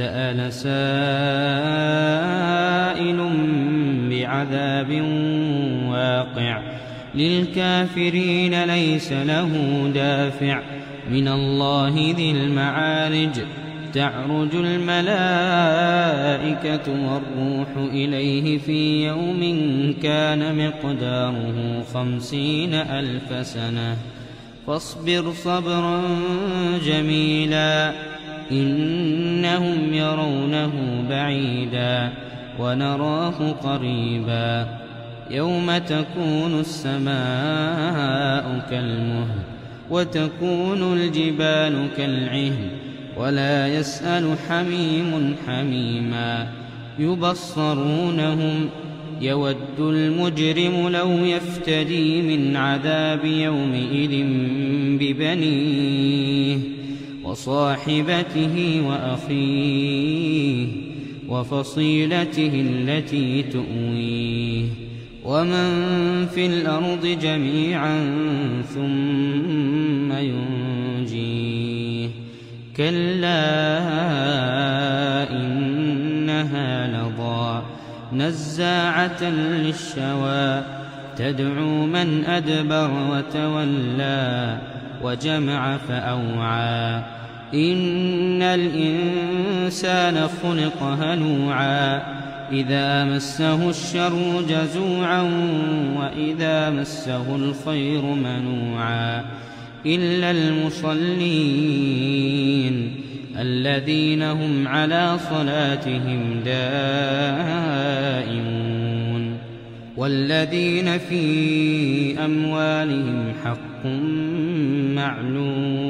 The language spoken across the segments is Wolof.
سأل سائل بعذاب واقع للكافرين ليس له دافع من الله ذي المعارج تعرج الملائكة والروح إليه في يوم كان مقداره خمسين ألف سنة فاصبر صبرا جميلا إنهم يرونه بعيدا ونراه قريبا يوم تكون السماء كالمهل وتكون الجبال كالعهن ولا يسأل حميم حميما يبصرونهم يود المجرم لو يفتدي من عذاب يومئذ ببنيه وصاحبته وأخيه وفصيلته التي تؤويه ومن في الأرض جميعا ثم ينجيه كلا إنها لضا نزاعة للشوى تدعو من أدبر وتولى وجمع فأوعى إن الإنسان خلق هلوعا إذا مسه الشر جزوعا وإذا مسه الخير منوعا إلا المصلين الذين هم على صلاتهم دائمون والذين في أموالهم حق معلوم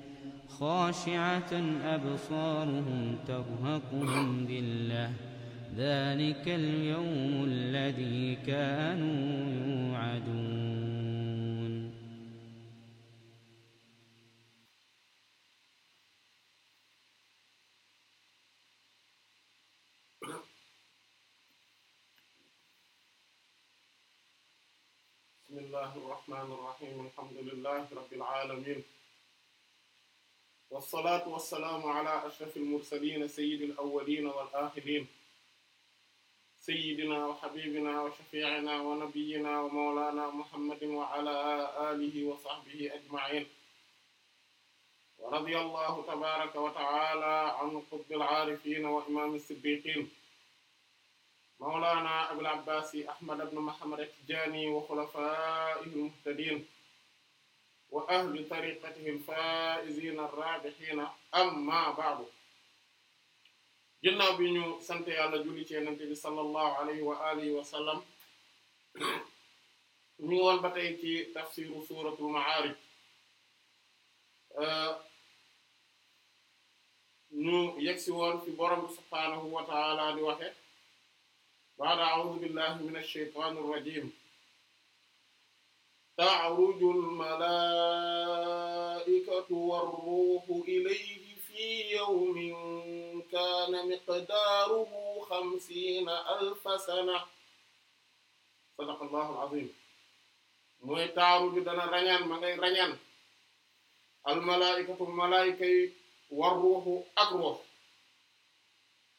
خاشعة أبصارهم ترهقهم ذلة ذلك اليوم الذي كانوا يوعدون بسم الله الرحمن الرحيم الحمد لله رب العالمين wasalaatu wasalaamu ala ashraf almursalin sayidi alawalin wal axirin sayidina wa xabibina wa shafiicina wa nabiyina wa mawlana muhammadin wa ala alihi wa sahbihi ajmain wa radiya allahu tabaraka wa taala an qutbi alcaarifin wa imaami siddiqin mawlana abil abbaasi ahmad ibn muhammad at-tijaani wa xulafaa'ihi almuhtadiin wa ahli tariqatihi al-faa'iziina ar-raabihiina amma ba'du ginnaaw bi ñu sant yàlla julli ci yonent bi sallallahu alayhi wa alihi wa sallam ñu ngi woon ba tey ci tafsiru suuratul Ma'aarij ñu yegsi woon fi borom subhaanahu wa ta'aala di waxe ba'da a'uuzu billahi minash shaytaanir rajiim ta'ruju al-malaa'ikatu war-ruuhu ilayhi fii yawmin kaana miqdaaruhu xamsiina alfa sana sadaqa allahu al-aziim mooy taaru bi dana rañaan ma ngay rañaan almalaikatu malayka yi war ruuxu ak ruux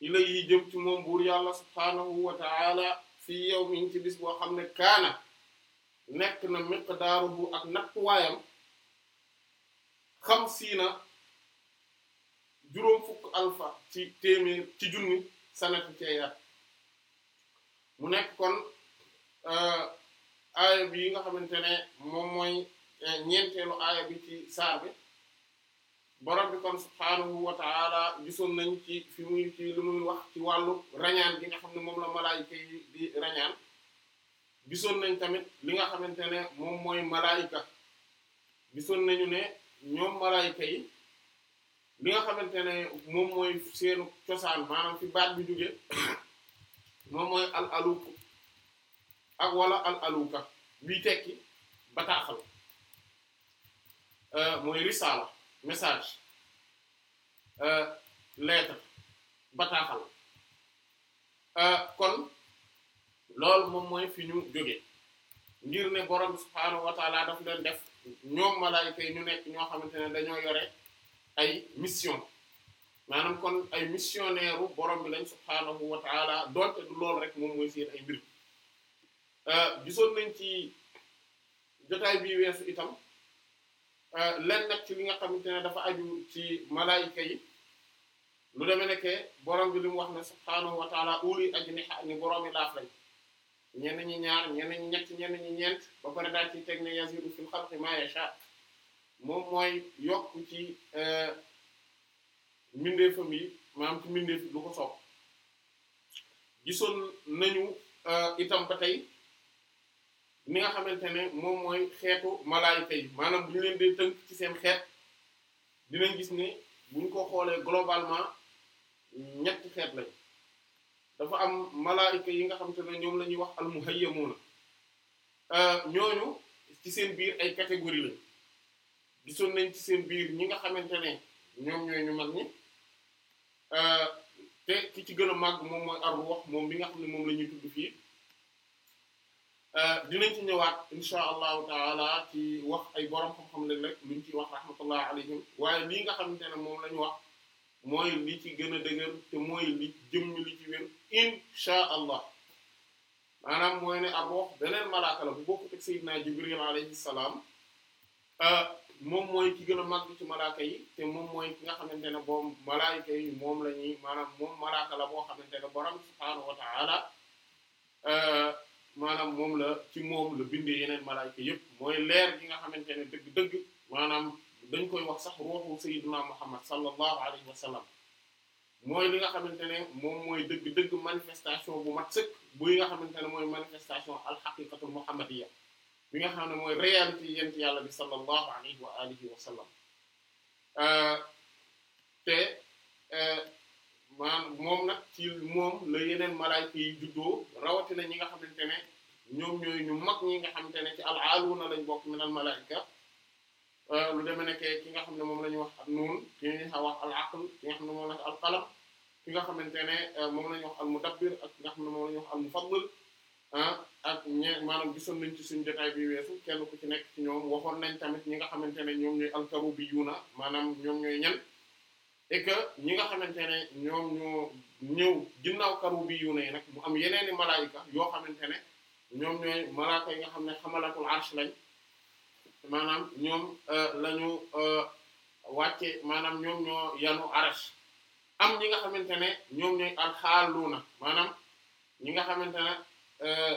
ilay yi jëm ci moom buur yàlla subhaanahu wa taala fii yawmin ci bis boo xam ne kaana nekk na miqdaaruhu ak nattuwaayam xam siina juróom fukk alfa ci téeméer ci junni sanatu cee yat mu nekkoon kon euh, aaya bi nga xamante ne moom mooy euh, ñeenteelu aaya bi ci saar bi borom bi kon subhaanahu wa gisoon nañ ci fi muy ci lu muy wax ci wàllu rañaan bi nga xam ne moom la malaayika yi di rañaan gisoon nañ tamit li nga xamante ne moom mooy malaayika gisoon nañu ne ñoom malaayika yi li nga xamante ne moom mooy seenu cosaan maanaam fi baat bi jóge moom mooy al aluku ak wala al aluka biy tekki bataaxal euh, mooy risaala message euh, lettre bataaxal euh, kon lool moom mooy fi ñu jóge ngir ne borom subhaanahu wa taala daf leen def ñoom malaayika yi ñu nekk ñoo xamante ne dañoo yore ay mission maanaam kon ay missionnaire u borom bi lañ subhaanahu wa taala doonte du loolu rek moom mooy seen ay mbir euh, gisoon nañ ci jotaay bi weesu itam euh, lenn nag ci li nga xamante ne dafa aju ci malaayika yi lu demee nekke borom bi li mu wax ne subhaanahu wa taala uli ajniha ni boroomi laaf lañ ñenn ñi ñaar ñenn ñi ñenn ñi ñeent ba pare daal ci teg ne yazidu fil xalqi ma moom mooy yokk ci euh, mbindeefam yi maanaam ci mbindeef lu ko soob gisoon nañu euh, itam ba tey ni nga xamante ne moom mooy xeetu malaayika tey maanaam bu leen dee tënk ci seen xeet dinañ gis ne buñ ko xoolee globalement ñetti xeet lañ dafa am malaayika yi nga xamante ne ñoom la ñuy wax almuhayyamuuna euh, ñooñu ci seen biir ay catégorie lañ gisoon nañ ci seen biir ñi nga xamante ne ñoom ñooy ñu mag ñi euh, te ki ci gën a màgg moom mooy ar wax moom bi nga xam ne moom la ñuy tudd fii euh, dinañ ci ñëwaat insha allahu taala ci wax ay borom xam-xam lañ rek luñ ci wax rahmatullah alayhim waaye lii nga xamante ne moom la wax mooy li ci gën a dëgër te mooy li jëm li ci wér insha allah maanaam mooy ne ar-ruh beneen malaaka la bu bokk teg sayyidina jibril alayhi salaam euh, moom mooy ki gën a màgg ci te moom mooy ki nga xamante ne boom malaayika yi moom la ñuy maanaam moom malaaka la boo xamante ne borom subhaanahu wa euh, maanaam moom la ci moom la bindee yeneen malaayika yëpp mooy leer gi nga xamante ne dëgg-dëgg maanaam dañ koy wax sax ruuxu sayyidina Muhammad sallallahu alayhi wa sallam mooy li nga xamante ne moom mooy dëgg-dëgg manifestation bu mat sëkk buy nga xamante ne mooy manifestation alxaqiqatul muhammadiyya bi nga xam ne mooy réalité yent yàlla bi sallallahu alayhi wa wa sallam euh, te euh, maanaam moom nag ci moom la yeneen malayka yi juddoo rawatina ñi nga xamante ne ñoom ñooy ñu mag ñi nga xamante ne ci al aaluuna lañ bokk min al malayka Euh, lu demee ne ki nga xam ne moom la ñuy wax ak noonu ki nga wax al aql ki nga xam ne moom la ñuy wax al qalam ki nga xamante ne euh, moom la ñuy wax al mudabbir ak ki nga xam ne moom la ñuy wax al mufaddal ah, ak ñe maanaam gisoon nañ ci suñu jotaay bi weesu kenn ku ci nekk ci ñoom waxoon nañ tamit ñi nga xamante ne ñoom ñooy al karubiyuuna maanaam ñoom ñooy ñan et que ñi nga xamante ne ñoom ñoo ñëw ginnaaw karubiyuuna yi nag mu am yeneeni malaayika yoo xamante ne ñoom ñooy malaaka yi nga xam ne xamalatul arsh lañ maanaam ñoom euh, lañu ñu euh, wàcce maanaam ñoom ñoo yanu arash am ñi nga xamante ne ñoom ñooy alxaaluuna maanaam ñi nga xamante ne euh,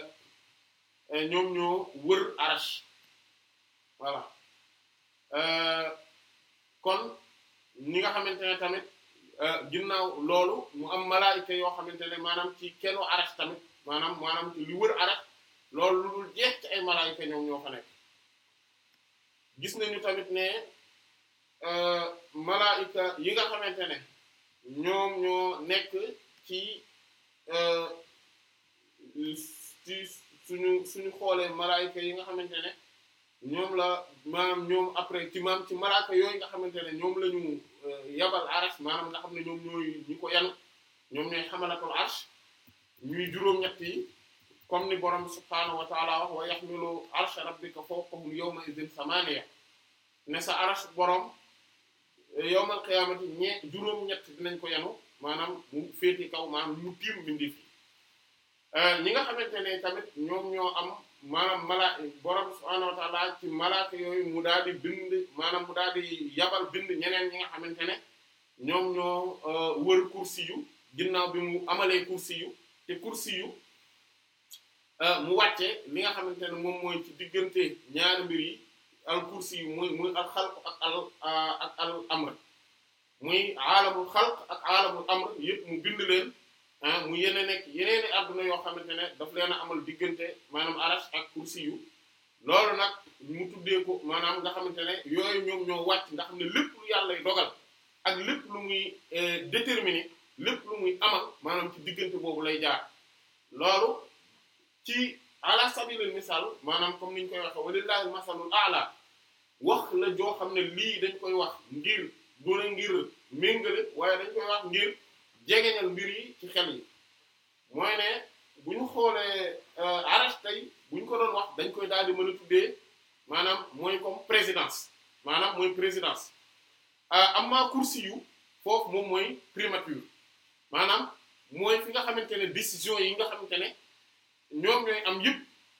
ñoom ñoo wër arash voilà kon ñi nga xamante ne tamit ginnaaw loolu mu am malaayika yoo xamante ne maanaam ci kennu arash tamit maanaam maanaam li wër arash loolu lu dul ay malaayika ñoom ñoo fa gis nañu tamit ne euh, malaika yi nga xamante ne ñoom ñoo nekk ci euh, ci suñu suñu xoolee malaika yi nga xamante ne ñoom la maanaam ñoom après ci maam ci malaika yooyu nga xamante ne ñoom la ñu euh, yabal arash maanaam nga xam ne ñoom ñooy ñu ko yan ñoom ñooy xamalatul arsh ñuy juróom-ñett yi comme ni borom subhaanahu wa taala wax wa yahmilu arsha rabbika fawqahum yawma idhin samaniya ne sa arsh borom yawmal qiyaamati ñe juróom-ñett dinañ ko yanu maanaam mu féeti kaw maanaam mu tiim bindi fi euh, ñi nga xamante ne tamit ñoom ñoo am maanaam mala borom subhaanahu yooyu mu daal di bind maanaam mu daal di yabal bind ñeneen ñi nga xamante ne ñoom ñoo euh, wër kursi yu ginnaaw bi mu amalee kursi yu te kursi yu Euh, mu wàcce li nga xamante ne moom mooy ci diggante ñaari mbir yi al kursi yu muy muy al xalq ak al euh, ak al amr muy aalamul xalq ak aalamul amr yëpp mu bind leen mu yene nekk yeneeni adduna yoo xamante ne daf leen a amal diggante maanaam arash ak kursi yu loolu nag mu tuddee ko maanaam nga xamante ne yooyu ñoom ñoo wàcc ndaxam ne lépp lu yàlla dogal ak lépp lu muy euh, déterminer lépp lu muy amal maanaam ci diggante boobu lay jaar loolu ci ala sabilil misaal maanaam comme niñ koy waxe walillahi masalul ala wax la joo xam ne lii dañ koy wax ngir du na ngir méngale waaye dañ koy wax ngir jegeñal mbir yi ci xel yi mooy ne bu xoolee euh, arash tey bu ko doon wax dañ koy daal di mën a tuddee maanaam mooy comme présidence maanaam mooy présidence euh, amma kursi yu foofu moom mooy primature maanaam mooy fi nga xamante ne décision yi nga xamante ne ñoom ñooy am yëpp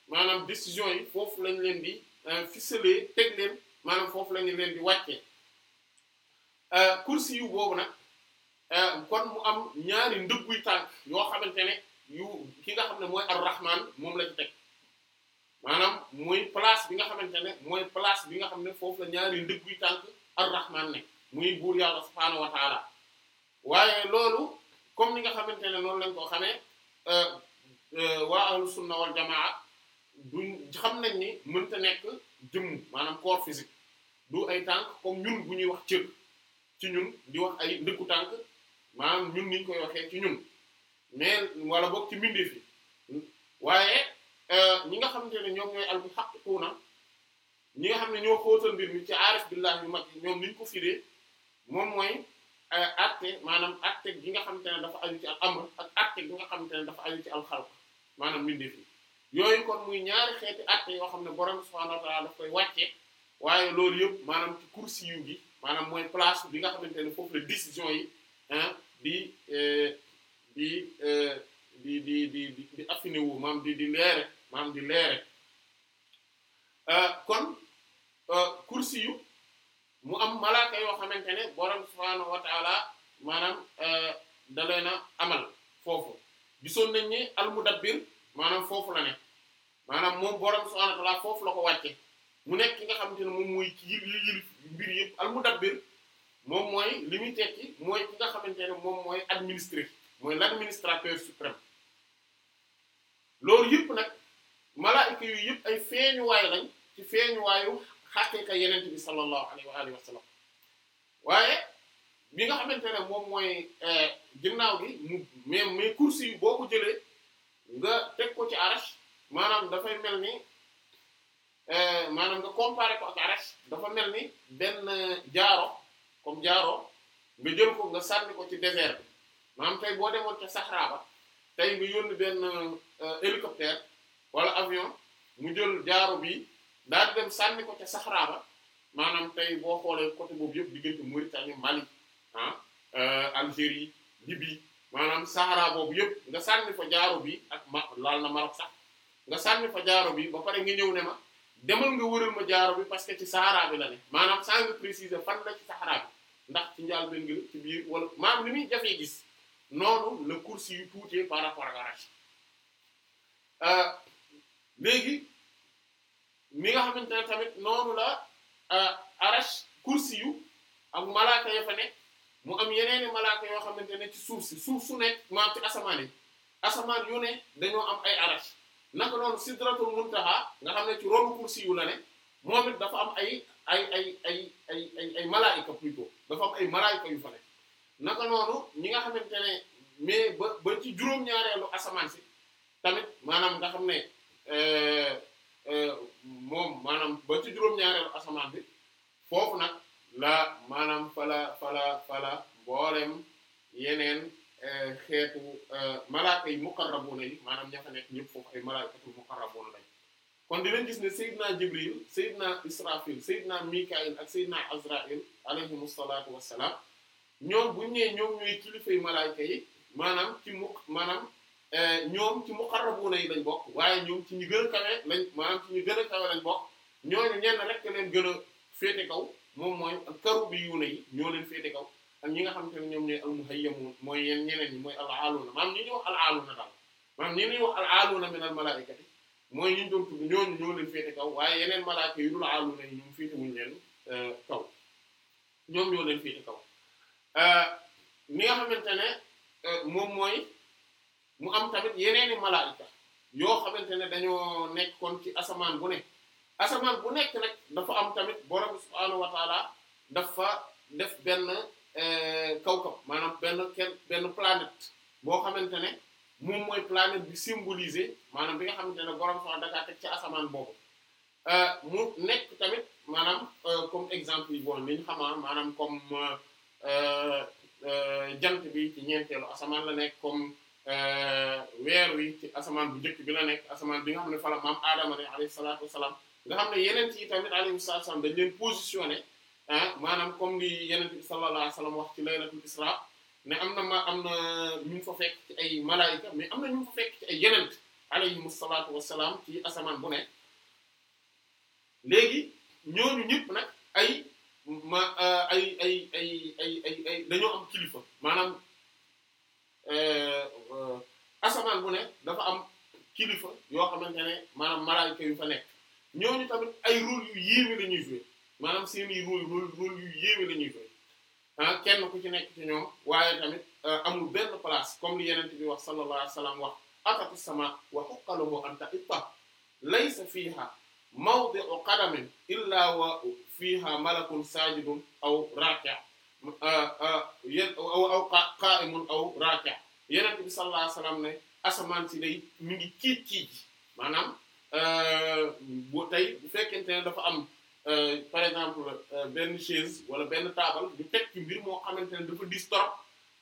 maanaam décision yi foofu lañ leen di euh, ficeler teg leen maanaam foofu lañu leen di wàcce kursi euh, yu boobu nag euh, kon mu am ñaari ndëgguy tànk yoo xamante ne yu ki nga xam ne mooy ar-Rahman moom la ci teg maanaam mooy place bi nga xamante ne mooy place bi nga xam ne foofu la ñaari ndëgguy tànk ar-Rahman ne muy guur yàlla subhaanahu wa taala waaye loolu comme ni nga xamante ne noonu lañ ko xamee Euh, waa ahlus sunna wal jamaa duñ xam nañ ni mënta nekk jëmm maanaam corps du ay tànk comme ñun bu ñuy wax cër ci ñun di wax ay ndëkku tànk maanaam ñun niñ koy waxee ci ñun mais wala boog ci mbindeef yi waaye euh, ñi nga xamante ne ñoom ñooy al na ñi nga xam ne ñoo xóotal mbir mi ci aarif billah yu mag yi ñoom niñ ko firee moom mooy euh, atte maanaam arte gi nga xamante ne dafa aju ci al amr ak atte gi nga xamante ne dafa aju ci al xal maanaam mbindeef yi yooyu kon muy ñaari xeeti atte yoo xam ne borom subhaanahu wa ta'ala daf koy wàcce waaye loolu yëpp maanaam ci kursi yu gi maanaam mooy place bi nga xamante ne foofu la décision wu maam di di leere maam di leere eh, kon kursi eh, yu mu am malaaka yoo xamante ne borom subhaanahu wa ta'ala eh, da leen a amal foofu gisoon nañ ne almudabbir maanaam foofu la ne maanaam moom borom subhaanahu wa ta'aala foofu la ko wàcce mu nekk ki nga xamante ne moom mooy ci yil mbir yëpp almudabbir moom mooy li muy mooy ki nga xamante ne moom mooy administrer mooy l'administrateur suprême loolu yëpp nag malaayika yu yëpp ay feeñuwaay lañ ci feeñuwaayu xaqiiqa yeneen bi sallallahu alayhi wa alihi wa sallam waaye bi nga xamante ne moom mooy euh, ginnaaw gi mu mais mais kursi boo ko jëlee nga teg ko ci arash maanaam dafay mel ni euh, maanaam nga comparer ko ak arash dafa mel ni benn jaaro kom jaaro nga jël ko nga sànni ko ci désert bi maanaam tey boo demoon ci Sahara ba tey nga yónni benn euh, hélicoptère wala avion mu jël jaaro bi daal di dem sànni ko ca Sahara ba maanaam tey boo xoolee côté boobu yëpp diggante Mauritanie Mali. ah euh, Algérie Libye maanaam Sahara boobu yëpp nga sànni fa jaaro bi ak ma laal na Maroc sax nga sànni fa jaaro bi ba pare nga ñëw ne ma demal nga wëral ma jaaro bi parce que ci Sahara bi la ne maanaam saa nga préciser fan la ci Sahara bi ndax ci njaal ben nga ci biir wala maanaam li muy jafee gis noonu la course yu tuutee par rapport ak arach euh, léegi mi nga xamante ne tamit noonu la euh, arach course yu ak malaaka ya fa nekk mu am yeneeni malaaka yoo xamante ne ci suuf si suuf su nekk maam ci asamaan yi asamaan yu ne dañoo am ay arash naka noonu sidratul muntaha nga xam ne ci ronu kursi yu la ne moom it dafa am ay ay ay ay ay ay ay malaayika ay malaayika yu fa ne naka ñi nga xamante ne mais ba ci juróom-ñaareelu asamaan maanaam nga xam ne euh, euh, maanaam ba ci juróom-ñaareelu asamaan bi foofu nag la maanaam fala fala fala mboolem yeneen eh, xeetu eh, malaaka yi muqarrabuuna yi maanaam ña fa nekk ñëpp foofu ay malaakatul muqarrabuuna lañ kon dinañ gis ne Seydina Jibril Seydina Israfil Seydina Mikail ak Seydina Azrail alayhimu salaatu wassalaam ñoom buñ nee ñoom ñooy kilifay malaaka yi maanaam ci mu maanaam eh, ñoom ci muqarrabuuna yi lañ bokk waaye ñoom ci ñu gëna a kawe lañ maanaam ci ñu gën a kawe lañ bokk ñooñu ñenn rek leen gën a kaw moom mooy karubi yuuna yi ñoo leen féete kaw ak ñi nga xam te ne ñoom ñooy almuhayyamun mooy yenn ñeneen ñi mooy alaaluuna maanaam ñi ñuy wax alaaluuna daal maanaam ñi ñuy wax alaaluuna min almalaaikati mooy ñi ñu doon tudd ñooñu ñoo leen féete kaw waaye yeneen malaaka yu dul alaaluuna yi ñoom féete wuñu leen euh, kaw ñoom ñoo leen féete kaw mi euh, nga xamante ne euh, moom mooy mu am tamit yeneeni malaayika yoo xamante ne dañoo nekk kon ci asamaan bu ne asamaan bu nekk nag dafa am tamit borom subhaanahu wa taala dafa def benn eh, kawkab maanaam benn benn planète boo xamante ne moom mooy planète bi symboliser maanaam bi nga xamante ne borom sax dakaa teg ci asamaan boobu eh, mu nekk tamit maanaam eh, comme exemple yi boo ni ñu xamaa maanaam comme jant bi ci ñeenteelu asamaan la nekk comme weer wi ci asamaan bu njëkk bi la nekk asamaan bi nga xam ne fa la maam Aadama ne alayhi salaatu wassalaam nga xam ne yeneen yi tamit alayhi salaam dañ leen positionné ah maanaam comme li yeneen bi sallallahu alayhi wa sallam wax ci laylatul isra ne am na ma am na ñu fa fekk ci ay malaayika mais am na ñu fa fekk ci ay yeneen alayhimu salaatu wa salaam ci asamaan bu ne léegi ñooñu ñëpp nag ay ma euh, ay ay ay ay ay am kilifa maanaam euh, euh, asamaan bu ne dafa am kilifa yoo xamante ne maanaam malaayika yu fa nekk. ñooñu tamit ay rôle yu yéeme la ñuy jouer maanaam seeni rôle rôle rôle yu yéeme la ñuy jouer ah kenn ku ci nekk ci waaye tamit euh, amul benn place comme li yeneen bi wax sallallahu alayhi wa sallam wax atatu sama wa huqqaluhu an ta'itta laysa fiha mawdi'u qadamin illa wa fiha malakun sajidun aw raki'a euh, euh, aw aw qa'imun aw raki'a yeneen bi sallallahu alayhi wa sallam ne asamaan si day mi ngi kiij kiij maanaam Euh, bu tey bu fekkente ne dafa am euh, par exemple euh, benn chaise wala benn taabal ñu teg ci mbir moo xamante ne dafa dis trop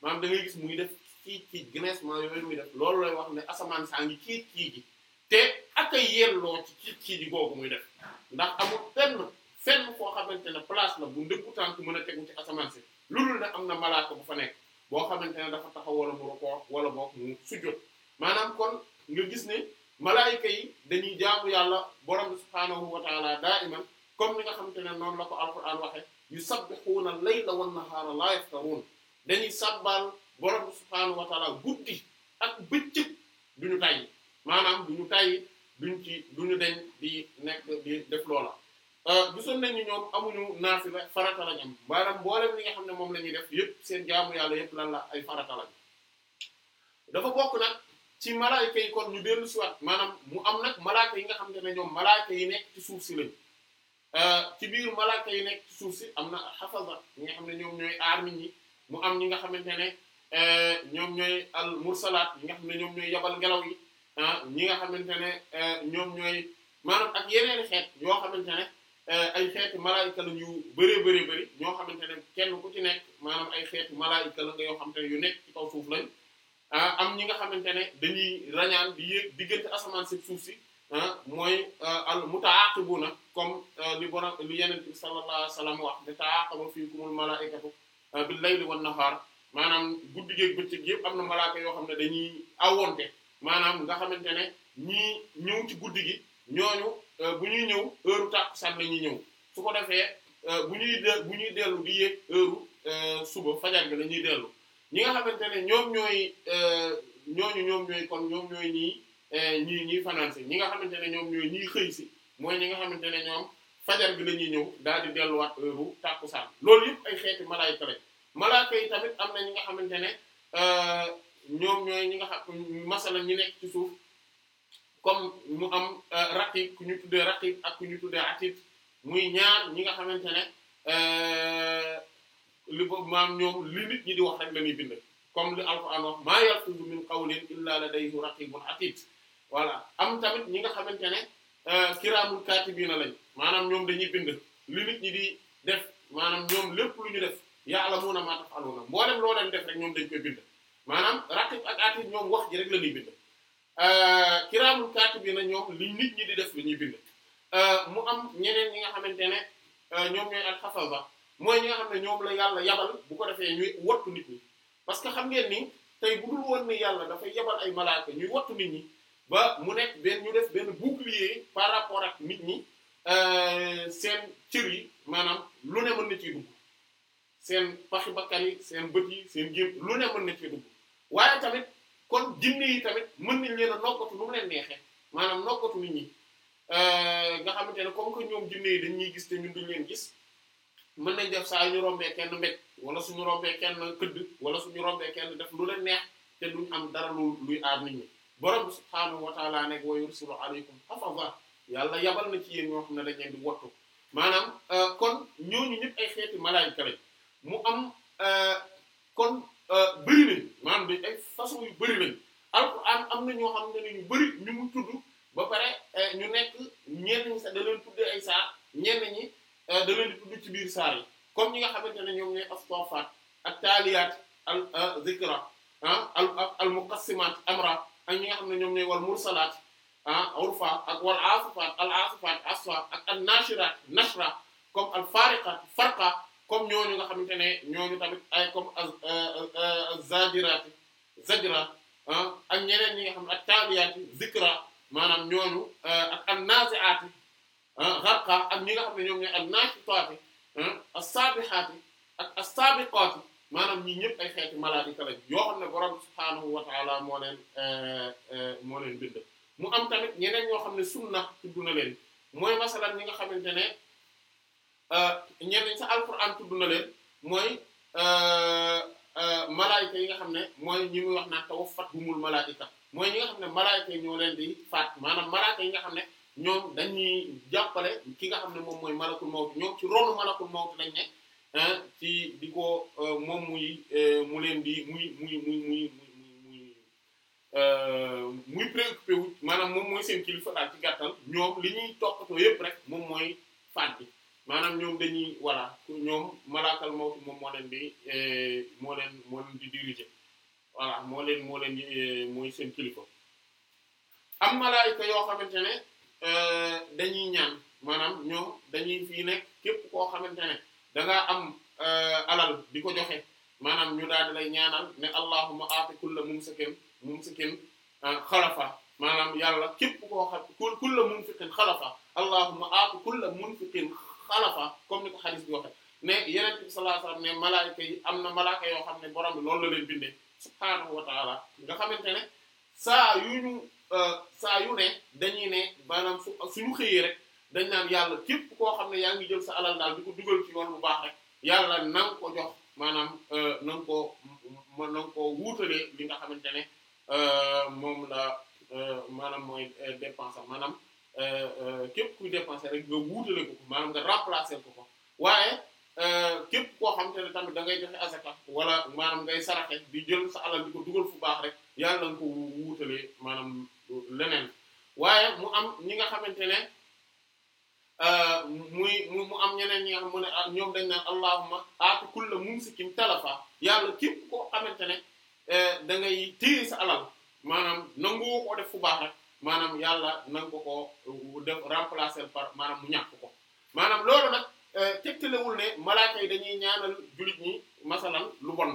maanaam da ngay gis muy def kii kii grincement yooyu loolu lay wax ne asamaan saa ngi kiit kii gi te ak a yelloo ci kiit kii gi googu muy def ndax amul benn fenn koo xamante ne place la bu ndëggu tànk mën a tegu ci asamaan si loolu nag am na malaaka bu fa nekk boo xamante ne dafa taxaw wala mu rokoo wala boo mu sujjóot maanaam kon nga gis ne malaayika yi dañuy jaamu yàlla borom bi subhaanahu wa taala comme ni nga xamante ne noonu la ko alquran waxe yusabbihuuna layla wan nahaara laa yaftaruun dañuy sàbbaal borom bi subhaanahu wa taala guddi ak bëccëg duñu tàyyi maanaam duñu tay duñ ci duñu deñ di nekk di def loola euh, gisoon nañ ni ñoom amuñu naafila farata lañ am maanaam mboolem nga xam ne moom lañuy def yëpp seen jaamu yàlla yépp lan la ay farata dafa bokk nag ci malaayka yi kon ñu dellu si waat maanaam mu am nag malaayka yi nga xam ne ñoom malaayka yi nekk ci suuf si lañ euh, ci biir malaayka yi nekk ci suuf si am na xafaza ñi nga xam ne ñoom ñooy aar nit ñi mu am ñi nga xamante ne euh, ñoom ñooy al mursalaat yi nga xam ne ñoom ñooy yabal ngelaw yi ah, ñi nga xamante ne euh, ñoom ñooy maanaam ak yeneen xeet yoo xamante ne ay xeeti malaayka la ñu bëree bëri bëri ñoo xamante ne kenn ku ci nekk maanaam ay xeeti malaayka la nga yoo xamante yu nekk ci kaw Euh, am ñi nga xamante ne dañuy rañaan di yéeg diggante asamaan si suuf si mooy euh, al mutaaqibuna comme euh, li borom li yeneen sallallahu alayhi wasallam wax ne taaqaba fiikumul malaa'ikatu bil layli wan nahaar maanaam guddi geeg bëccëg yëpp am na malaaka yoo xam ne dañuy awonte maanaam nga xamante ne ñii ñëw ci guddi gi ñooñu bu ñuy ñëw heure tàkkusaan la ñuy ñëw su ko defee bu ñuy de bu ñuy dellu di yéeg heure suba fajar gi la ñuy dellu ñi nga xamante ne ñoom ñooy euh, ñooñu ñoom ñooy kon ñoom ñooy ñii euh, ñii ñii fanaan si ñi nga xamante ne ñoom ñooy ñii xëy si mooy ñi nga xamante ne ñoom fajar bi la ñuy ñëw daal di delluwaat bu tàkkusaan loolu yëpp ay xeeti malaayika rek malaayika yi tamit am na ñi nga xamante ne euh, ñoom ñooy ñi nga xam masala ñi nekk ci suuf comme mu am raqiib ku ñu tuddee raqiib ak ku ñu tuddee atiit muy ñaar ñi nga xamante ne li ko maam ñoom li nit ñi di wax rek la ñuy bind comme li alquran wax maa yalfizu min qawlin illa ladayhi raqibun atid voilà am tamit ñi nga xamante ne euh, kiraamul kaatibiina lañ maanaam ñoom dañuy bind li nit ñi di def maanaam ñoom lépp lu ñu def ya'lamuuna maa taf'aluuna mboolem loo leen def rek ñoom dañ koy maanaam raqib ak atid ñoom wax ji rek la ñuy bind euh, kiraamul kaatibiina ñoom li nit ñi di def la ñuy bind euh, mu am ñeneen ñi nga xamante ne ñoom ñooy al-hafaza mooy ñi nga xam ne ñoom la yàlla yabal bu ko defee ñuy wattu nit ñi parce que xam ngeen nii tey bu dul woon ni yàlla dafay yabal ay malaaka ñuy wattu nit ñi ba mu nekk benn ñu def benn bouclier par rapport ak nit ñi euh, seen cër yi maanaam lu ne mën na ciy dugg seen paxi bakkan yi seen bët yi seen géem lu ne mën na ciy dugg waaye tamit kon jinne yi tamit mën nañ leen a nokkatu nu mu leen neexee maanaam nokkatu nit ñi euh, nga xamante ne comme que ñoom jinne yi dañ ñuy gis te ñun duñ leen gis mën nañ def saa yu ñu rombee kenn mbéj wala suñu rombee kenn këdd wala suñu rombee kenn def lu leen neex te duñ am dara lu luy aar nit ñi borom subhaanahu wa ta'ala nekk wa yursilu alaykum hafaza yàlla yabal na ci yéen ñoo xam ne dañ leen di maanaam euh, kon ñooñu ñëpp ay xeeti mu am euh, kon euh, bëri nañ maanaam façon yu bëri lañ am na ñoo xam ñu bëri ñu mu tudd ba pare ñu nekk ñeen ñi sax da tuddee ay saa ñenn ñi Euh, da leen di biir saar yi comme ñi nga xamante ne ñoom ñooy astafat ak taaliyaat al euh, zikra ah al al muqassimaat amra ak ñi nga xam ne ñoom ñooy wal mursalaat ah urfa ak wal asifat al asifat asfa ak al nashirat nashra comme al fariqat farqa comme ñooñu nga xamante ne ñooñu tamit ay comme zajiraati euh, zajra ah ak ñeneen ñi nga xam ne ak taaliyaati zikra maanaam ñooñu ak al naziaati gharqa ah, ak ñi nga xam ne ñoom ñooy ak naaqitaati ah, as-saabihaati ak as maanaam ñi ñëpp ay xeeti malaaka yoo xam ne borom subhaanahu wa ta'ala moo eh, eh, mu am tamit ñeneen ñoo xam ne sunna na leen mooy masalan ñi nga xamante ne eh, ñeneen sa alquran tudd na leen yi nga xam ne mooy ñi muy wax naan tawaffat humul malaayika mooy ñi nga xam ne malaayika yi ñoo leen di faat maanaam malaayika yi nga xam ne ñoom dañuy jàppale ki nga xam ne moom mooy malakul mawt ñoom ci ronu malakul mawt lañ ne ci di euh, moom muy euh, mu leen di muy muy muy muy euh, maanaam moom mooy seen kilifa daal ci gàttal ñoom li ñuy toppatoo yépp rek moom mooy faat maanaam ñoom dañuy voilà ñoom malakal mawt moom moo leen di moo leen moo di diriger voilà moo leen moo leen di mooy seen kilifa am malaayika yoo xamante ne Euh, dañuy ñaan maanaam ñoo dañuy fii nekk képp koo xamante ne da ngaa am euh, alal di ko joxe maanaam ñu daal di lay ñaanal ne allahumma aati kulla mumsikin mumsikin euh, xalafa maanaam yàlla képp koo xam kulla munfiqin xalafa allahumma aati kulla munfiqin xalafa comme ni ko xadis bi waxe ne yeneen bi sallallahu alayhi wasallam ne malaayika yi am na malaaka yoo xam ne borom bi loolu la leen bindee subhaanahu wa nga xamante ne saa yu ñu Euh, saa yu ne dañuy ne maanaam fu suñu xëyee rek dañ naan yàlla képp koo xam ne yaa ngi jël sa alal daal di ko dugal ci yoon bu baax rek yàlla nang maanaam euh, na nga koo na nga koo nga xamante ne euh, moom la maanaam mooy dépense maanaam képp kuy dépenser rek nga maanaam nga remplacer ko ko waaye képp koo xamante ne tamit da ngay joxe asaka wala maanaam ngay saraxe di jël sa alal di ko fu baax rek yàlla na ko wuutalee maanaam leneen waaye mu am ñi nga xamante ne euh, muy mu am ñeneen ñi nga xam mu ne ah, ñoom dañ naan allahumma aatu kulla mumsikin talafa yàlla képp koo xamante ne euh, da ngay téye sa alal maanaam nangu ko def fu baax rek maanaam yàlla nang ko ko remplacer par maanaam mu ñàkk ko maanaam loolu nag euh, tegtalewul ne malaaka dañuy ñaanal jullit ñi masalan lu bon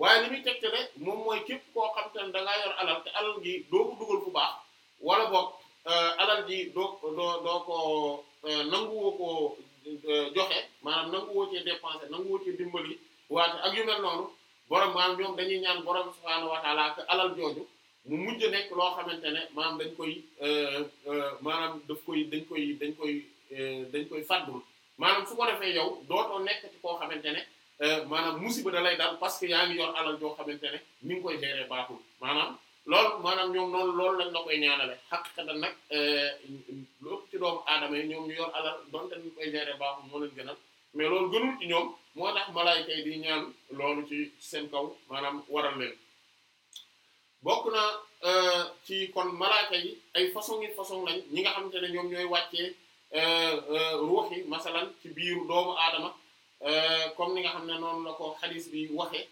waaye li muy tegtale moom mooy képp koo xam te ne da ngaa yor alal te alal gi doo ko dugal fu baax wala boog euh, alal ji doo doo doo ko euh, nanguwoo ko euh, joxe maanaam nanguwoo cee dépensé nanguwoo cee dimbali waate ak yu mel noonu borom maanaam ñoom dañuy ñaan borom subhaanahu wa taala que alal jooju mu mujj nekk loo xamante ne maanaam dañ koy maanaam daf koy dañ koy dañ koy dañ koy fàddul maanaam su ko defee yow dootoo nekk ci koo xamante ne. Euh, maanaam musiba da lay daal parce que yaa ngi yor alal joo xamante ne ni nga koy gérer baaxul maanaam loolu maanaam ñoom noonu loolu lañ la koy ñaanale xaqiqatan nag euh, lu yi ñoom ñu yor alal donte ni ñu koy gérer baaxul moo leen gënal mais loolu gënul ci ñoom moo tax malaayka kay di ñaan loolu ci seen kaw maanaam waral leen bokk na euh, ci kon malaayka yi ay façon yi façon lañ ñi nga xamante ne ñoom ñooy wàccee ruux yi masalan ci biiru doomu aadama Euh, comme ni nga xam ne noonu la ko xadis bi waxee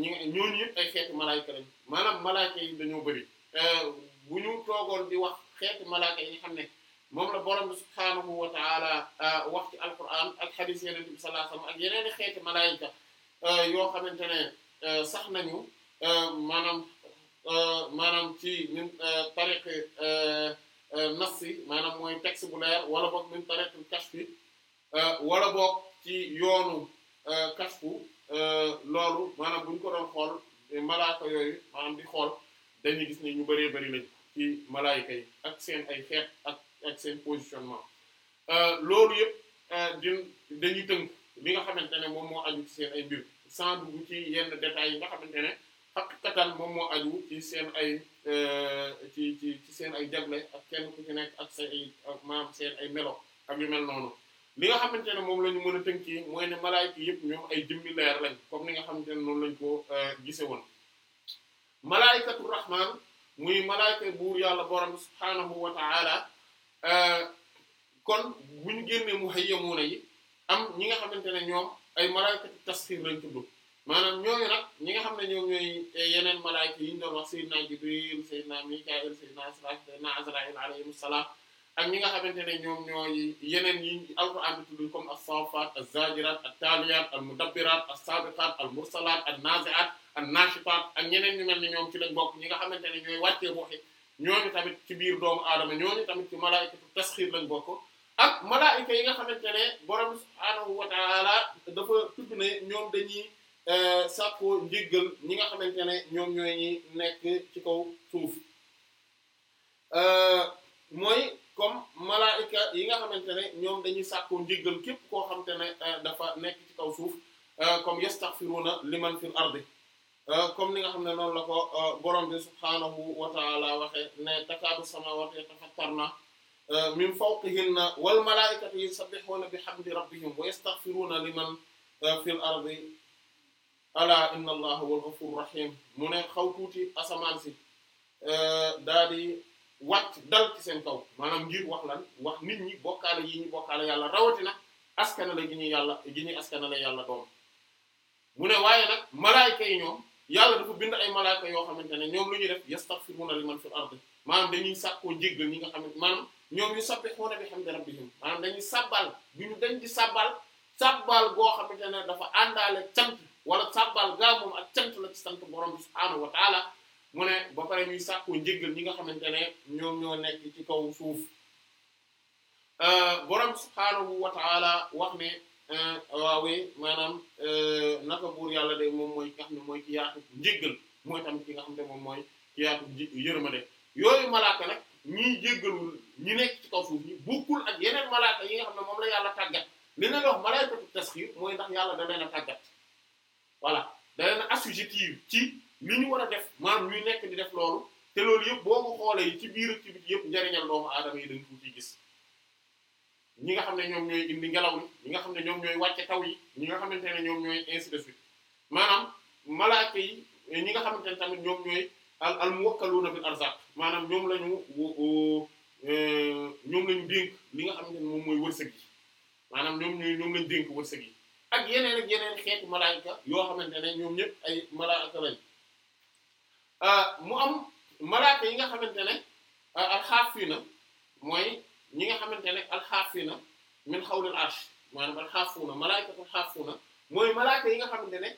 ñi ñooñu yëpp ay xeetu malaayka lañ maanaam malaayka yi dañoo bëri euh, bu ñu toogoon di wax xeetu malaayka yi xam ne moom la borom bi subhaanahu wa taala euh, wax ci alquran ak xadis yeneen bi sallallahu alayhi ak yeneen i xeeti malaayka yoo xamante ne sax nañu maanaam maanaam ci min tariq nassi maanaam mooy texte bu leer wala boog min tariq kashfi wala boog ci yoonu euh, kasfu euh, loolu maanaam bu ñu ko doon xool euh, malaaka yooyu maanaam di xool dañuy gis ni ñu bëree bari lañ ci malaayika yi ak seen ay xeet ak ak seen positionnement loolu yëpp di dañuy tënk li nga xamante ne moom moo aju ci seen ay mbir sans dugg ci yenn détails yi nga xamante ne xaqiqatan moom moo aju ci seen ay ci ci ci seen ay jagle ak kenn nekk ak seen ay maanaam seen ay melo ak yu mel noonu li nga xamante ne moom la ñu mën a tënkee moo ne malaayika yëpp ñoom ay jëmmi leer lañ comme nga xamante ne noonu lañ ko euh, gise woon malaayikatu rahmaan muy malaayika buur yàlla borom subhaanahu wa ta'ala euh, kon bu ñu génnee muhayyamuuna yi am ñi nga xamante ne ñoom ay malaayikatu tasxiir lañ tudd maanaam ñooñu nag ñi nga xam ne ñoom ñooy eh, yeneen malaayika yi ñu doon wax sayyidina Jibril sayyidina Mikaayil sayyidina Israafil sayyidina Azraayil salaam ak ñi nga xamante ne ñoom ñooy yeneen yi alquran bi tudd comme as-saffat az-zajirat at-taliyat al-mudabbirat as-sabiqat al ak ñeneen ñu mel ni ñoom ci lañ bokk ñi nga xamante ne ñooy wàccee ruuxi ñooñu tamit ci biir doomu aadama ñooñu tamit ci malaa'ikatu tasxiir lañ bokk ak malaa'ika yi nga xamante ne borom subhaanahu wa dafa tudd ne ñoom dañuy eh, sako njéggal ñi nga xamante ne ñoom ñooy ñi nekk ci kaw suuf eh, mooy comme malaayika yi nga xamante ne ñoom dañuy sàkkoo njéggal képp koo xamante ne euh, dafa nekk ci kaw suuf euh, comme yastaghfiruna liman fil ardi euh, comme ni nga xam ne noonu la ko borom bi subhaanahu wa ta'ala waxe ne takaadu samaawaatu yatafattarna min fawqihinna wal malaa'ikatu yusabbihuna bihamdi rabbihim wa yastaghfiruna liman fil ardi ala inna allaha huwal ghafurur rahim mu ne xaw tuuti asamaan si daa wàcc dal ci seen kaw maanaam ngir wax lan wax nit ñi bokkaale yi ñu bokkaale yàlla rawatina askana la gi ñu yàlla gi ñuy askana la yàlla doom mu ne waaye nag malaayka yi ñoom yàlla dafa bind ay malaayka yoo xamante ne ñoom lu ñuy def yastaghfiruna liman fil ard maanaam dañuy sàkkoo njéggal ñi nga xam ne maanaam ñoom ñu sabbihuna bihamdi rabbihim maanaam dañuy sabbal bi ñu dañ di sabbal sabbal goo xamante ne dafa àndaale cant wala sabbal gaa moom ak cant la ci mu ne ba pare ñuy sàkku njéggal ñi nga xamante ne ñoom ñoo nekk ci kaw suuf euh, borom subhaanahu wa ta'ala wax ne euh, waawe maanaam euh, naka buur yàlla de moom mooy ki nga xam ne mooy ki yaatu njéggal mooy tamit ki nga xam ne moom mooy ki yaatu yërmande yooyu malaaka nag ñiy jéggalul ñi nekk ci kaw suuf ñi bokkul ak yeneen malaaka yi nga xam ne moom la yàlla tàggat li na wax malaykatu tasxiir mooy ndax yàlla da leen a tàggat voilà da leen a ci li ñu war a def maanaam ñuy nekk di def loolu te loolu yëpp boo ko xoolee ci biir ci biti yëpp njariñal doomu aadama yi dañ ko ciy gis ñi nga xam ne ñoom ñooy indi ngelaw li ñi nga xam ne ñoom ñooy wàcce taw yi ñi nga xamante ne ñoom ñooy ainsi de suite maanaam malaaka yi ñi nga xamante ne tamit ñoom ñooy al al muwakkaluna bil arzaq maanaam ñoom la ñu euh, ñoom la ñu dénk nga xamante moom mooy wërsëg yi maanaam ñoom ñooy ñoom la ñu dénk wërsëg yi ak yeneen ak yeneen xeetu malaaka yoo xamante ne ñoom ñëpp ay malaaka lañ Euh, mu am malaaka yi nga xamante ne euh, na mooy ñi nga xamante ne na alxaafiina min xawlil arsh maanaam alxaafuuna malaayikatu alxaafuuna mooy malaaka yi nga xamante ne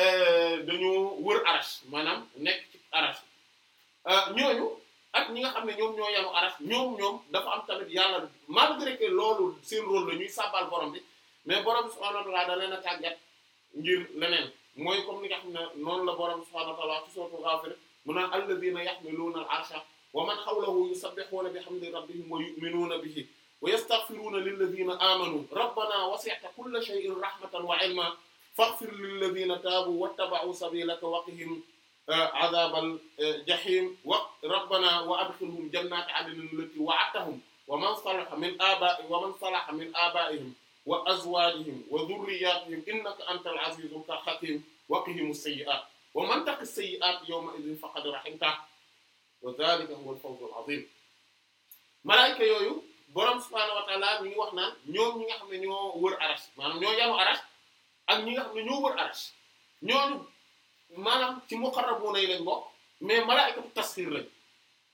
euh, dañoo wër arsh maanaam nekk ci arsh ñooñu ak ñi nga xam ne ñoom ñoo yanu arsh ñoom ñoom dafa am tamit yàlla malgré que loolu seen rôle la ñuy sàbbal borom bi mais borom subhaanahu wa ta'aala da leen a tàggat ngir leneen mooy comme ni nga xam ne noonu la borom subhaanahu wa ta'aala ci sootu Gaafir mu naan alladhina yahmiluuna al-arsha wa man hawlahu yusabbihuuna bihamdi rabbihim wa yu'minuuna bihi wa yastaghfiruuna lilladhina aamanu rabbana wasi'ta kulla shay'in rahmatan wa 'ilman faghfir lilladhina taabu wattaba'u sabilaka wa qihim uh, adhaabal uh, jahiim wa rabbana wa adkhilhum jannaati 'adnin allati wa'adtahum wa man salaha min aabaa'i wa man salaha min aabaa'ihim wa azwaajihim wa dhurriyyaatihim innaka antal 'aziizul hakiim wa qihim as-sayyi'aat wa man taqi sayyi'aati yawma idhin faqad rahimtahu wa dhalika huwa al-fawz al-azim malaayika yooyu borom subhaanahu wa ta'aala mi ngi wax naan ñoom ñi nga xam ne ñoo wër arash maanaam ñoo yamu arash ak ñi nga xam ne ñoo wër arash ñooñu maanaam ci muqarrabuuna yi lañ bokk mais malaa'ikatu tasxiir lañ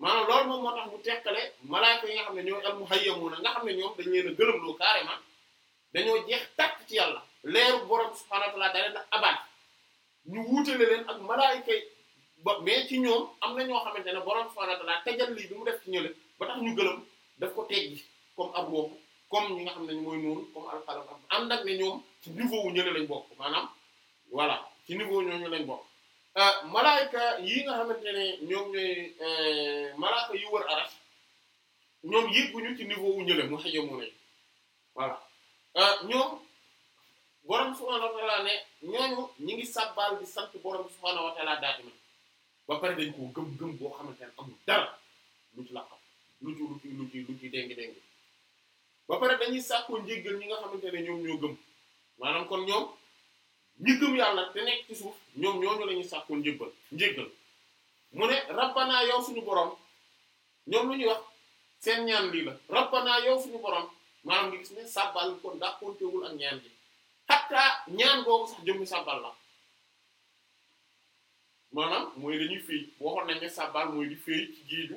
maanaam loolu moom moo tax mu tekkale malaayika yi nga xam ne ñoo al muhayyamuuna nga xam ne ñoom dañ leen a gërëmloo carrément dañoo jeex tàkk ci yàlla leeru borom subhaanahu wa ta'aala da leen a abaat ñu wuutale leen ak malaayika yi ba ci ñoom am na ñoo xamante ne borom subhaanahu wa ta'aala tajal lii bi mu def ci ñële ba tax ñu gëlëm daf ko teggi comme ab woowu comme ñi nga xam ne mooy noonu kom alxalam am nag ne ñoom ci niveau wu lañ bokk maanaam voilà ci niveau ñooñu lañ bokk. Euh, malaayika yi nga xamante ne ñoom ñooy euh, malaayika yi wër arash ci niveau wu ñële mu xëjee mu ne voilà euh, ñoom. borom subhaanahu wa ne ñooñu ñi ngi sàbbaal di sant borom subhaanahu wa ta'aala daa ba pare dañ koo gëm gëm boo xamante ne amul dara lu ci laqam lu ci lu ci lu ci ba pare dañuy sàkkoo njéggal ñi nga xamante ne ñoom ñoo gëm maanaam kon ñoom ñi gëm yàlla te nekk ci suuf ñoom ñooñu la ñuy sàkkoo njébbal njéggal mu ne rabbanaa yow suñu borom ñoom lu ñuy wax seen ñaan lii la rabbanaa yow suñu borom maanaam ngi gis ne sàbbal kon daa kontewul ak ñaan xattaa ñaan googu sax jëmmi sabbal la maanaam mooy dañuy féey waxoon nañ ne sabbal mooy di féey ci géeju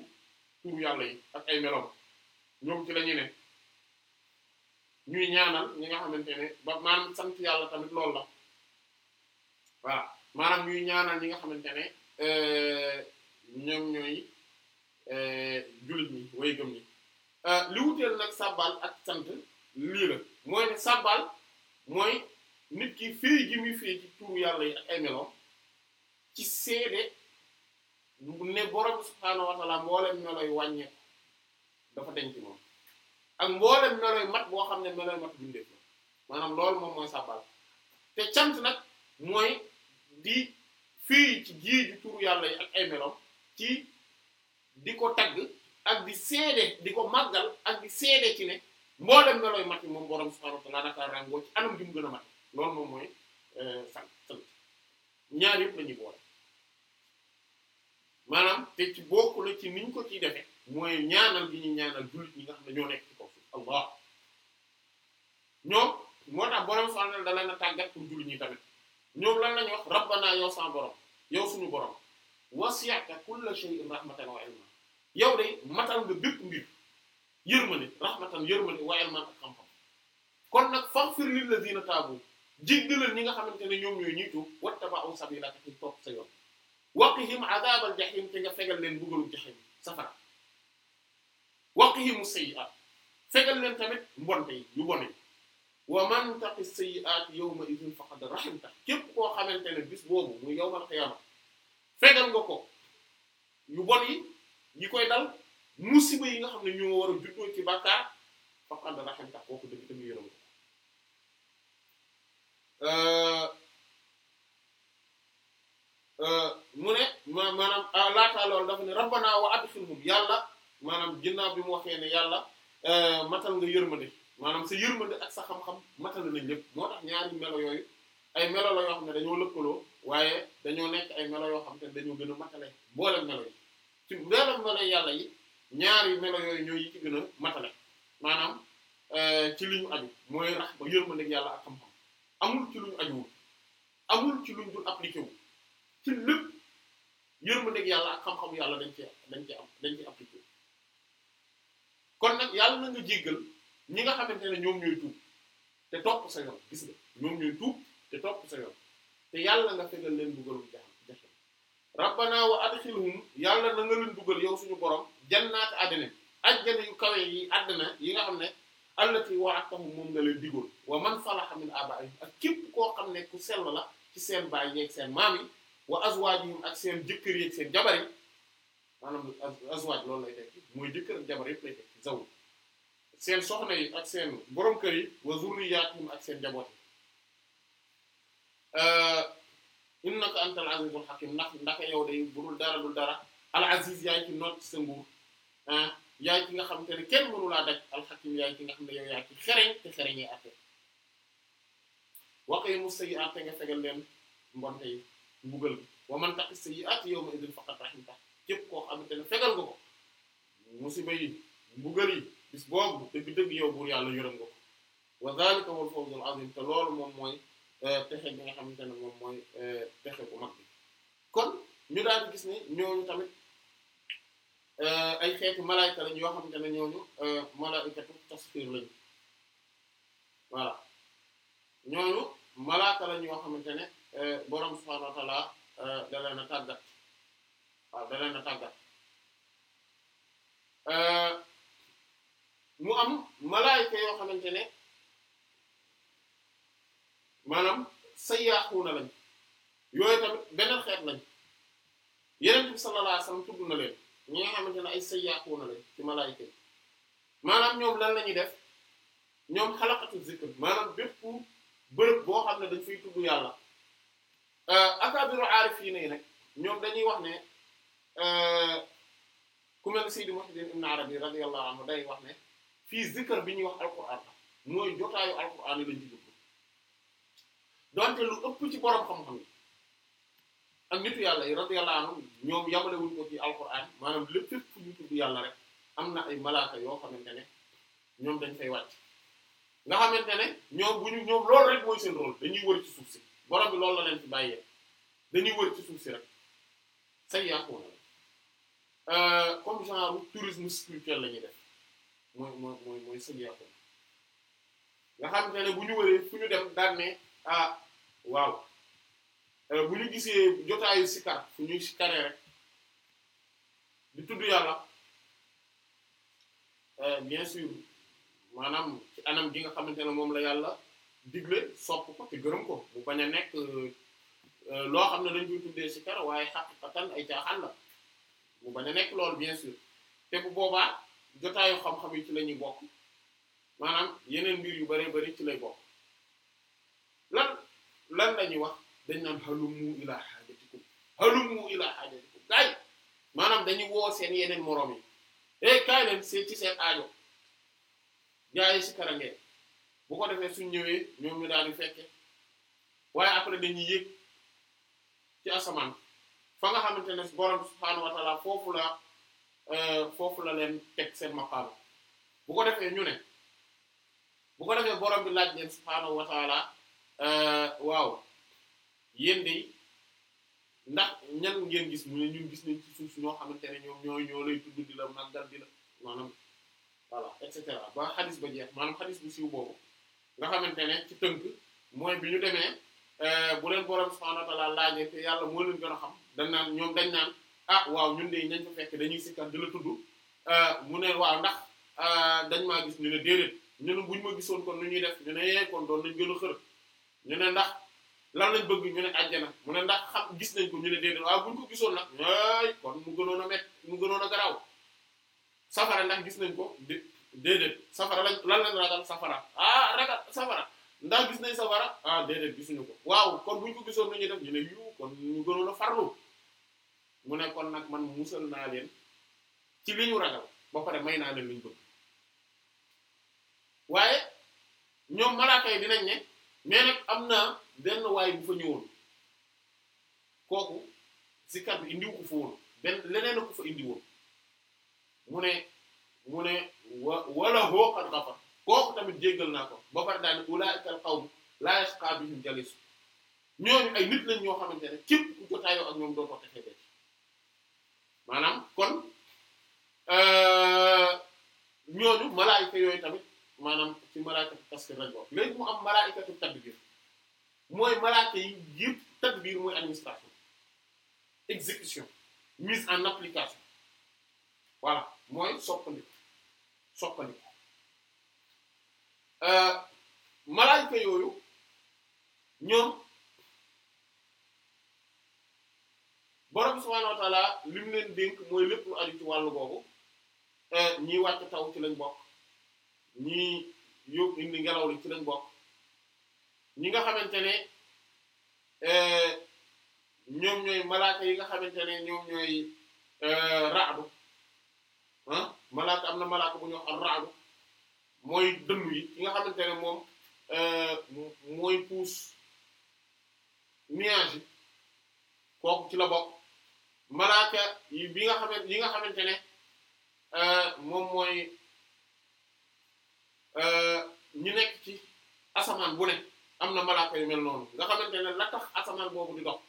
turu yàlla yi ak ay meloom ñoom ci la ñu ne ñuy ñaanal ñi nga xamante ne ba maanaam sant yàlla tamit loolu la voilà maanaam ñuy ñaanal ñi nga xamante ne euh, ñoom ñooy euh, jullit ñi way gëm ñi euh, li wuteel nag sabbal ak sant lii la mooy ne sabbal mooy nit ki fii gi fii ci turu yàlla yi ak ay meloom ci seede ne borom subhaanahu wa taala mboolem dafa denc moom ak mat boo xam ne meloy mat bindeef la maanaam loolu moom mooy sàbbal te cant nag mooy di fii ci jii ju turu yàlla yi ak ay meloom ci di ko tagg ak di seede di ko màggal ak di seede ci ne. mboolem melooy mat yi moom borom subhaanahu wa ta'aala dafa ràngoo ci anam gi mu gën a mat loolu moom mooy sant euh, sant ñaar yëpp la ñuy boole maanaam te ci bokk la ci niñ ko ciy defee mooy ñaanal gi ñuy ñaanal jullit ñi nga xam ne ñoo nekk ci kaw suuf ñoom moo tax borom subhaanahu wa ta'aala da leen a tàggat pour jullit ñi tamit ñoom lan lañu wax rabbana yow san borom yow suñu borom wasi'ta kulla shay'in rahmatan wa ilma yow de matal nga bépp mbir. yërmande rahmatan yërmande wa ilman ak xam-xam kon nag faghfir lil ladina taabu jéggalal ñi nga xamante ne ñoom ñooy ñiitu wattaba'u sabilaka ci topp sa yoon waqihim adabal jahim te nga fegal leen mbugalu jahim safara waqihimu sayyi'at fegal leen tamit mbonte yi yu bone wa man taqi sayyi'at yawma idhin faqad rahimta képp koo xamante ne bis boobu muy yawmal qiyaama fegal nga ko yu bon yi ñi koy dal musiba yi nga xam ne ñoo war a juddoo ci bàkkaar faf ànd raxem tax kooku dëgg dëgg yërëm euh, euh, mu ne maanaam euh, laataa loolu dafa ne rabbana wa adkhilhum yàlla maanaam ginnaaw bi mu waxee ne yàlla matal nga yërmande maanaam sa yërmande ak sa xam-xam matal nañ lépp moo tax ñaari melo yooyu ay melo la yoo xam ne dañoo lëkkaloo waaye dañoo nekk ay melo yoo xam te dañoo gën a matale boolem melo yi ci boolem melo yàlla yi ñaari melo yooyu ñooy yi ci gën matale maanaam euh, ci lu ñu aju mooy rahma yërmandeeg yàlla ak xam-xam amul ci lu ñu ajuwul amul ci lu ñu dul appliqué wu ci lépp yërmandeeg yàlla ak xam-xamu yàlla dañ cee dañ cee am dañ cee kon nag yàlla na nga jéggal ñi nga xamante ne ñoom ñooy tuub te topp sa yoon gis nga ñoom ñooy tuub te topp sa yoon te yàlla nga fegal leen dugalum jaxam jaxam rabbana wa adxilhum yàlla na nga leen dugal yow suñu borom jannaat àddina ajjana yu kawe yi àddina yi nga xam ne allati wa'adtahum moom nga leen digoon wa man salaha min abaa'ihim ak képp koo xam ne ku sell la ci seen baay yeeg seen maam yi wa azwaajihim ak seen jëkkër yeeg seen jabar yi maanaam azwaaj loolu lay tekki mooy jëkkër ak jabar yëpp lay tekki zaw seen soxna yi ak seen borom kër yi wa zurriyaatihim ak seen jaboot yi innaka antal azizul hakim ndax ndax yow day budul dara dul dara al aziz yaay ci ah yaay ki nga xamante ne kenn mënu laa daj alxakim yaay ki nga xam ne yow yaay ki xereñ te xereñee àtte waqimu sayyi'at nga fegal leen mbonte yi mbugal bi wa man taqi sayyi'at yawma idin faqad rahimta képp koo xamante ne fegal nga ko musiba yi mbugal yi bis boobu dëgg-dëgg yow buur yàlla yërëm nga ko wa dhalika wal fawzul azim te loolu moom mooy texe eh, bi nga xamante ne moom mooy texe eh, bu mag bi kon ñu daal gis ne ñooñu tamit Euh, ay xeetu malayka lañ yoo xamante ne ñooñu euh, malaykatu tasxiir lañu voilà ñooñu malayka lañ yoo xamante ne euh, borom subhaanahu wa ta'aala a tàggat waaw tàggat mu am malayka yoo xamante ne maanaam sayyaaxuuna lañ yooyu tamit beneen xeet lañ yeneen bi sallallaahu alayhi wa na leen ñi nga xamante ne ay sayyaatuuna lañ ci malaayika yi maanaam ñoom lan la ñuy def ñoom xalaqatu zikr maanaam bépp bërëb boo xam ne dañ fay tudd yàlla euh, akaabiru aarifiina yi nag ñoom dañuy wax ne euh, ku mel Seydi Muhyiddin Ibn Arabi radiyallahu anhu day wax ne fii zikr bi ñuy wax alquran la mooy jotaayu alquran yi lañ dugg donte lu ëpp ci borom xam-xam am nitu yàlla yi radiyallahu anhum ñoom yamale wuñ ko ci alquran maanaam lépp fu ñu tudd yàlla rek am na ay malaaka yoo xamante ne ñoom dañ fay wàcc nga xamante ne ñoom bu ñu ñoom loolu rek mooy seen rôle dañuy wër ci suuf si bi loolu la leen ci bàyyee dañuy wër ci rek say yàquwoon la euh, comme genre tourisme spirituel la ñuy def mooy mooy mooy mooy say nga xamante ne bu ñu wëree fu ñu dem daan ne ah, waaw. Euh, bu ñu gisee jotaayu sikar fu ñuy sikaree rek di tudd yàlla euh, bien sûr maanaam ci anam ji nga xamante ne moom la yàlla digle sopp ko te gërëm ko mu bañ a nekk euh, loo xam ne dañ koy tuddee sikar waaye xaqiqatan ay caaxaan la nekk loolu bien sûr te bu boobaa jotaayu xam-xam yi ci la ñuy bokk maanaam yeneen mbir yu bare bëri ci lay bokk lan lañuy wax. dañ naan halumu ila hajatikum halumu ila hajatikum maanaam dañuy woo seen yeneen moroom yi eh kaay leen ci seen aajo jaay si karange bu ko defee suñ ñëwee ñoom ñu daal di fekke waaye après dañuy yëg ci asamaan fa nga xamante ne borom subhaanahu foofu la euh, foofu la leen teg seen maqaam bu ko defee ñu ne bu ko defee borom bi laaj leen subhaanahu euh, waaw yéen de ndax ñan ngeen gis mu ne ñun gis nañ ci suuf si ñoo xamante ne ñoom ñooy ñoo lay tudd di la màggal di la et cetera ba xadis ba jeex maanaam xadis bu siiw boobu nga xamante ne ci tënk mooy bi ñu demee euh, bu leen borom subhanahu wa ta'ala laajee te yàlla moo leen gën a xam dañ naan ñoom dañ naan ah waaw ñun de ñañ fa fekk dañuy sikkat di la tudd euh, mu ne waaw ndax euh, dañ maa gis ñu ne déedéet ñu ne buñ ma gisoon kon nu ñuy def ñu ne eh, kon doon nañ gën a xër ñu ne ndax. lan lañ bëgg ñu ne àjjana mu ne ndax xam gis nañ ko ñu ne déedéet waaw buñ ko gisoon nag mu gënoon mu gënoon a garaaw gis nañ ko déedéet lañ lan lañ ragal safara ah ragal gis nañ safara ah déedéet ko waaw kon buñ gisoon nañu def ñu ne yu kon ñu gënoon a farlu mu ne kon nag man musal naa leen ci li ñu ragal ba pare may naa leen li bëgg waaye ñoom malaaka yi dinañ ne mais nag am na benn waay bu fa ñëwoon kooku sikar bi indiw ko fa woon benn leneen ko fa indi mu ne mu ne wa wala hoo qad ghafar kooku tamit jéggal naa ko ba pare daal ulaa'ika al qawm laa yashqaa bihim jalis ñooñu ay nit lañ ñoo xamante ne képp ku jotaayoo ak ñoom doo ko texe dee maanaam kon euh, ñooñu malaayika yooyu tamit maanaam ci malaayikatu tasxir lañ wax léegi mu am malaayikatu tadbiir mooy malaaka yi yëpp biir mooy administration exécution mise en application voilà mooy soppandiku soppandiku euh, malaaka yooyu ñoom borom subhaanahu wa taala li mu leen dénk mooy lépp lu aju boobu euh, ñii wàcc taw ci lañ bokk ñii yóbbu indi ngelaw li ci lañ bokk. ñi nga xamante ne euh, ñoom ñooy malaaka yi nga xamante ne ñoom ñooy euh, raadu ah malaaka am na malaaka bu ñu wax ak raadu mooy dënn yi ki nga xamante ne moom euh, mooy puus nuage yi ci la bokk malaaka yi bi nga xamante yi nga xamante ne moom mooy ñu nekk ci asamaan bu ne am na malaaka yu mel noonu nga xamante ne la tax asamaan boobu di dox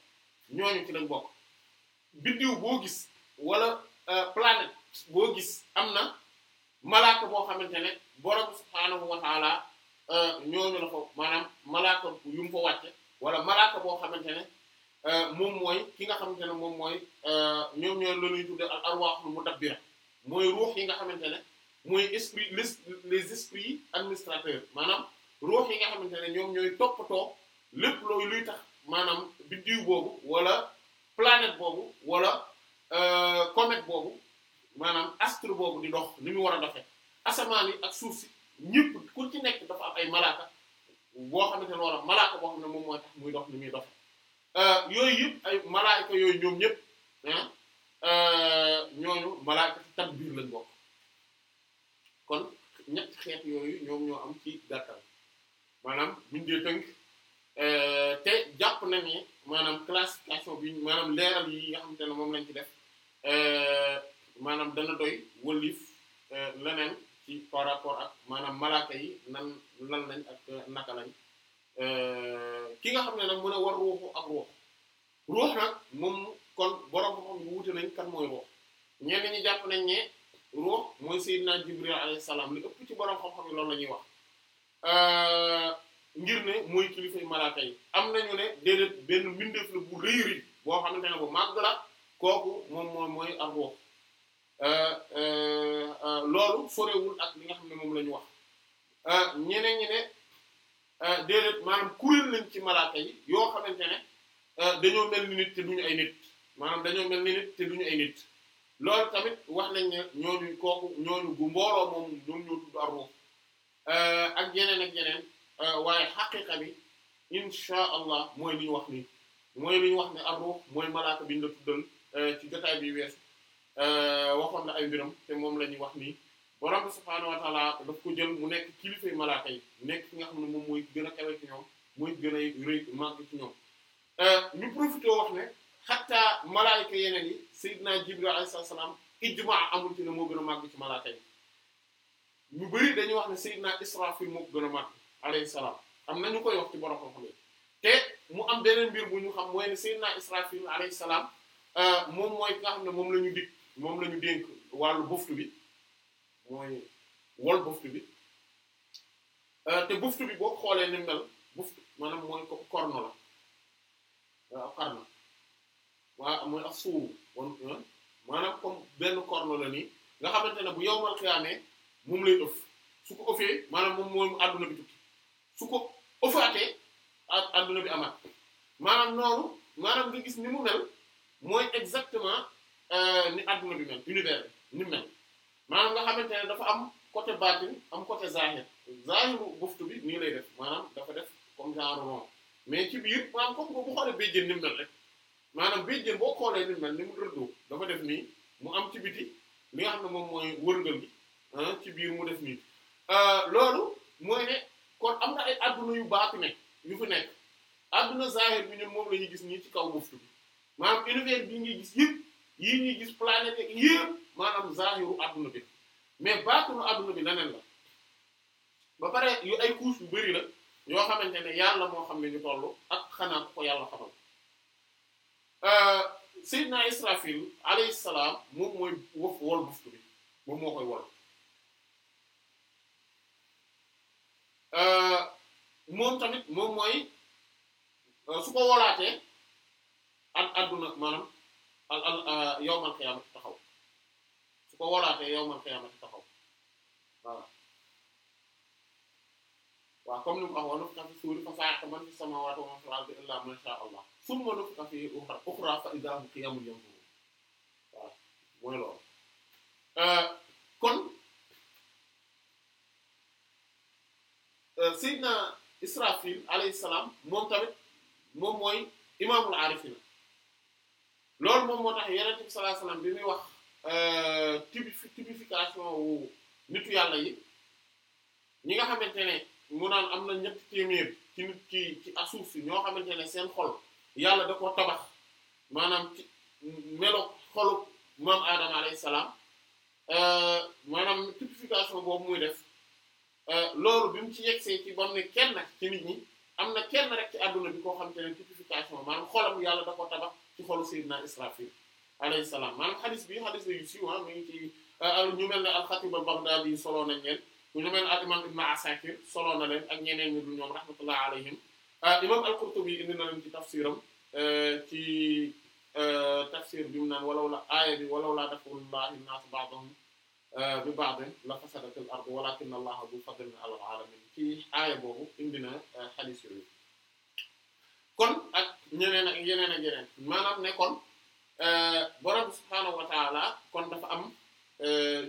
ñooñu ci lañ bokk biddiw boo gis wala euh, planète boo gis am na malaaka boo xamante ne borom subhaanahu wa taala euh, ñooñu la ko maanaam malaaka yu mu ko wàcce wala malaaka boo xamante ne euh, moom mooy ki nga xamante ne moom mooy ñoom ñooy la ñuy tudde al arwaaxul mudabbira mooy ruux yi nga xamante ne mooy esprit les les esprits administrateurs maanaam ruux yi nga xamante ne ñoom ñooy toppatoo lépp looy luy tax maanaam biddiw boobu wala planète boobu wala euh, comète boobu maanaam astre boobu di dox ni mu war a doxee asamaan yi ak suuf si ñëpp ku ci nekk dafa am ay malaaka boo xamante ne wala malaaka boo xam ne moom mooy tax muy dox ni muy doxee euh, yooyu yëpp ay malaaka yooyu ñoom ñëpp ah euh, ñooñu malaaka ci tadbiir lañ bokk kon ñetti xeet yooyu ñoom ñoo am ci gàttal. maanaam buñ dee tënk euh, te jàpp na ni maanaam classification bi maanaam leeral yi nga xamante ne moom lañ ci def euh, maanaam dana doy wëlif euh, leneen ci par rapport ak maanaam malaaka yi nan lan lañ ak naka lañ ki nga xam ne nag mën a war ruuxu ak ruux ruux nag moom kon borom xam bu wute nañ kan mooy ruux ñenn ñi jàpp nañ ne ruux mooy Seydina Jibril alayhi salaam li ëpp ci borom xam-xam yi loolu la ñuy wax Euh, ngir ne mooy kilifay malaaka yi am nañu ne déedéet benn mbindeef la bu rëy rëy boo xamante ne bu màgg la kooku moom moom mooy arwoox euh, euh, loolu sorewul ak li nga xam ne moom la wax wax ñeneen ñi ne déedéet maanaam kuréel lañ ci malaaka yi yoo xamante ne dañoo mel ni nit te duñu ay nit maanaam dañoo mel ay nit loolu tamit wax nañ ne ñooñu kooku ñooñu bu mbooloo moom ñoom ñoo tudd arwoox Euh, ak yeneen ak yeneen euh, waaye xaqiqa bi incha allah mooy li wax ni mooy li wax ne ar-ruh mooy malaaka bi la tuddal euh, ci jotaay bi wees waxoon na ay mbiram te moom la ñuy wax nii borom bi subhaanahu wa daf ko jël mu nekk kilifay malaaka yi nekk ki nga xam ne moom mooy gën a kawe ci ñoom mooy gën a rëy màgg ci ñoom ñu profité wax ne xataa malaayika yeneen yi sayyidina Jibril alayhi salaam ijmaa amul ci ne moo gën a màgg ci malaaka yi ñu bari dañuy wax ne Seydina Israfil moo gën a mag alayhi salaam am na koy wax ci borom xam-xam yi te mu am beneen mbir bu ñu xam mooy ne Seydina Israfil alayhi salaam euh, moom mooy nga xam ne la ñu dig moom la ñu dénk wàllu bi mooy wol buftu bi euh, bi boo xoolee ni mel buftu maanaam ak suuru euh, maanaam comme benn korno la nii nga xamante ne bu yowmal xiyaamee moom lay ëff su ko ëffee maanaam moom mooy adduna bi tukki su bi amaat maanaam noonu maanaam gis ni mu mel mooy exactement euh, ni adduna bi mel univers bi maanaam nga xamante ne dafa am côté baatin am côté zahir zahiru buftu bi nii lay def maanaam dafa def comme genre rond mais ci biir maanaam comme bu xoolee béjjén ni mu mel rek maanaam béjjén boo xoolee ni mu mel ni mu rëddoo dafa def nii mu am ci biti li nga xam ne moom mooy wërngal bi ci biir mu def nii euh, loolu mooy ne kon am na ay adduna yu baatu ne yu fi nekk àdduna zahir bi ñun moom la gis nii ci kaw buftu bi maanaam univers bii ñuy gis yëpp yii ñuy gis planète ak yëpp maanaam zahiru adduna bi mais baatunu adduna bi leneen la ba pare yu ay couche yu bëri la ñoo xamante ne yàlla moo xam ne ñu toll ak xanaa ko ko yàlla xamal euh, Seydina Israfil alayhi salaam moom mooy wëf wol buftu bi moom moo koy wol Euh, moom tamit moom mooy euh, su ko wolaatee ak adduna maanaam euh, taxaw su ko wolaatee yawmal qiyaamati taxaw voilà waaw comme ni mu waxoon nufu ka suuri fa sa'iqa man fi samaawaati wa man fil ardi illaa man shaa Allah summa nufixa fiihi uxraa fa idhaa waaw mooy loolu kon Euh, Seydina Israfil alayhi salaam moom tamit moom mooy imaamul aarifina loolu moom moo tax yonent bi sallallahu bi muy wax euh, typifi typification wu nitu yàlla yi ñi nga xamante ne mu naan am na ñetti téeméer ci nit ci ci asuuf ñoo xamante ne seen xol yàlla da koo tabax maanaam melo xolu maam Adama alayhi salaam euh, maanaam typification boobu muy def. Euh, loolu bi mu ci yegsee ci ba ne kenn ci nit ñi am na kenn rek ci àdduna bi koo xam te ne ma maanaam xolam yàlla da ko tabax ci xolu Seydina naa alayhi salaam maanaam xadis bi xadis la yu siiw ah, mi ngi ci euh, ñu mel ne al-Khatib al-Baghdadi soloo nañ leen ñu mel ne al-Imam Ibn Asakir soloo na leen ak ñeneen ñi du ñoom rahmatullah alayhim euh, imam al-Qurtubi indi na leen ci tafsiram ci tafsir bi mu naan walaw la aaya bi walaw laa daf'u llaahi n-naasa ba'dahum Euh, bi ba'din la fasadatil ardu walakinna Allaha dhu fadlin 'alal 'alamin ci aaya boobu indi na euh, xadiis yooyu kon ak ñeneen ak yeneen ak yeneen maanaam ne kon euh, borom subhaanahu wa kon dafa am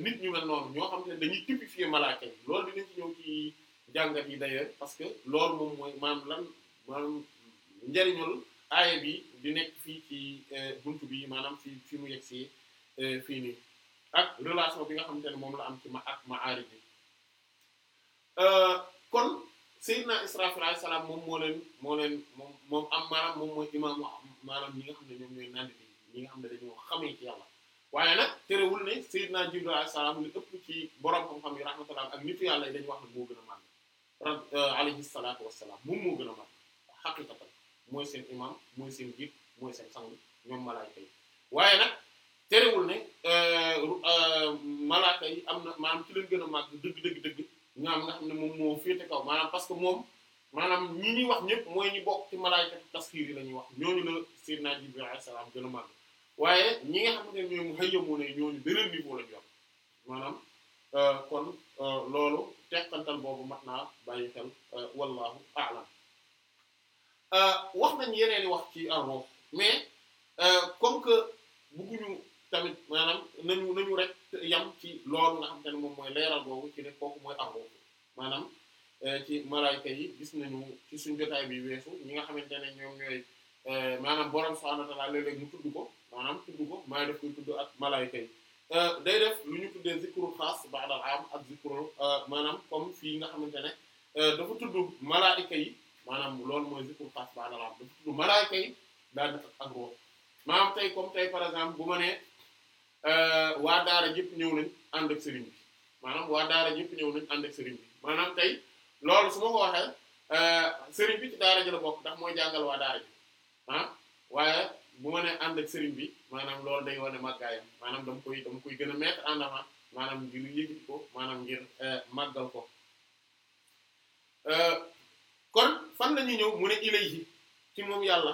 nit ñu mel noonu ñoo xam ne dañuy typifier malaaka yi loolu dinañ ci ñëw ci jàngat yi d'ailleurs parce que lool moom mooy maanaam lan maanaam njariñul aaya bi di nekk fii ci buntu bi maanaam fi fi mu yegg si fii nii. ak relation bi nga xamante ne moom la am ci ma ak ma'arij bi euh, kon Seydina Israfil alayhi salaam moom moo leen moo leen moom moom am maanaam moom mooy imam maanaam ñi nga xam ne ñoom ñooy nandi bi ñi nga xam ne dañoo xamee ci yàlla waaye nag terewul ne Seydina Jibril alayhi salaam li ëpp ci borom xam-xam yi rahmatullah ak nitu yàlla yi dañu wax ne moo gën a màgg rab euh, alayhi salaatu wassalaam moom moo gën a màgg xaqiqatan mooy seen imam mooy seen jiit mooy seen sang ñoom malaayka yi waaye nag terewul ne euh, euh, malaaka yi am na maanaam ci leen gën a màgg dëgg dëgg dëgg ñoo am nga xam ne moom moo féete kaw maanaam parce que moom maanaam ñi ñuy wax ñëpp mooy ñi bokk ci malaaka tasxiir yi la wax ñooñu la Seydina Jibril alayhi salaam gën a waaye ñi nga xam ne ñooy mu xëyamoo ne ñooñu beneen niveau la ñu wax maanaam euh, kon loolu teqantal boobu mat naa bàyyi xel wallahu a'lam wax nañ yeneen i wax ci ar-ruh mais comme que nañu nañu rek yam ci loolu nga xam te ne moom mooy leeral boobu ci ne kooku mooy arruux maanaam eh, ci malaayka yi gis nañu ci suñ jotaay bi weesu ñi nga xamante ne ñoom ñooy eh, maanaam borom subhaanahu wa ta'aala léeg-léeg ko maanaam tudd ko maa def tudd ak malaayka yi eh, day def lu ñu tuddee zikrul xaas ba'dal aam ak zikrul maanaam comme fii nga xamante ne dafa tudd malaayka yi maanaam loolu mooy zikrul xaas ba'dal aam dafa tudd malaayka yi daal ak ak tey comme tey par exemple bu ma nee Euh, waa daara yëpp ñëw nañ ànd ak sëriñ bi maanaam waa daara yëpp ñëw nañ ànd ak sëriñ bi maanaam tey loolu su ma ko waxee euh, sëriñ bi ci daara ji la bokk ndax mooy jàngal waa daara ji ah, waaye bu ma nee ànd ak sëriñ bi maanaam lool day wane màggaayam maanaam dama koy dama koy gën a mettre en avant maanaam ngir yëkkati ko maanaam ngir euh, màggal ko kon fan la ñëw mu ne ilayhi ci moom yàlla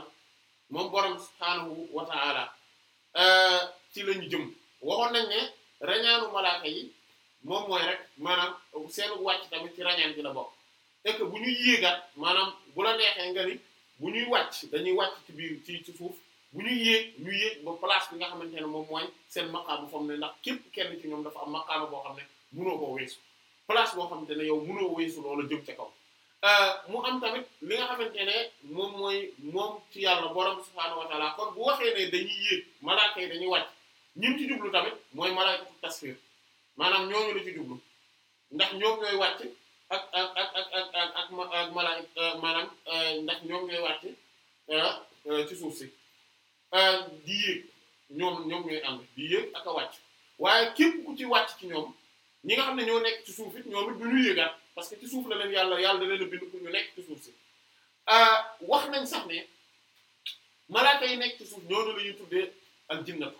moom borom subhaanahu wa ci la jëm. waxoon nañ ne rañaanu malaaka yi moom mooy rek maanaam seenu wàcc tamit ci rañaan bi la bokk et bu ñuy yéegaat maanaam bu la neexee nga ni bu ñuy wàcc dañuy wàcc ci biir ci ci suuf bu ñuy yéeg ñu yéeg ba place bi nga xamante ne moom mooy seen maqaama fam ne ndax képp kenn ci ñoom dafa am maqaama boo xam ne mënoo koo weesu place boo xamante ne yow mënoo weesu loola jëm ca kaw euh, mu am tamit li nga xamante ne moom mooy moom ci yàlla borom subhaanahu wa taala kon bu waxee ne dañuy yéeg malaaka yi dañuy wàcc ñim ci jublu tamit mooy malaykatu tasfir maanaam ñooñu la ci jublu ndax ñoom ñooy wàcc ak ak ak ak ak ak ak ak malaay euh, maanaam euh, ndax ñoom ñooy wàcc euh, ci suuf si di yéeg ñoom ñoom ñooy ànd di yéeg ak a wàcc waaye képp ku ci wàcc ci ñoom ñi nga xam ne ñoo nekk ci suuf it ñoom it du ñu yéegaat parce que ci suuf la leen yàlla yàlla da leen a bind pour ñu nekk ci suuf si wax nañ sax ne malaaka yi nekk ci suuf ñooñu la ñuy tuddee ak jinnatu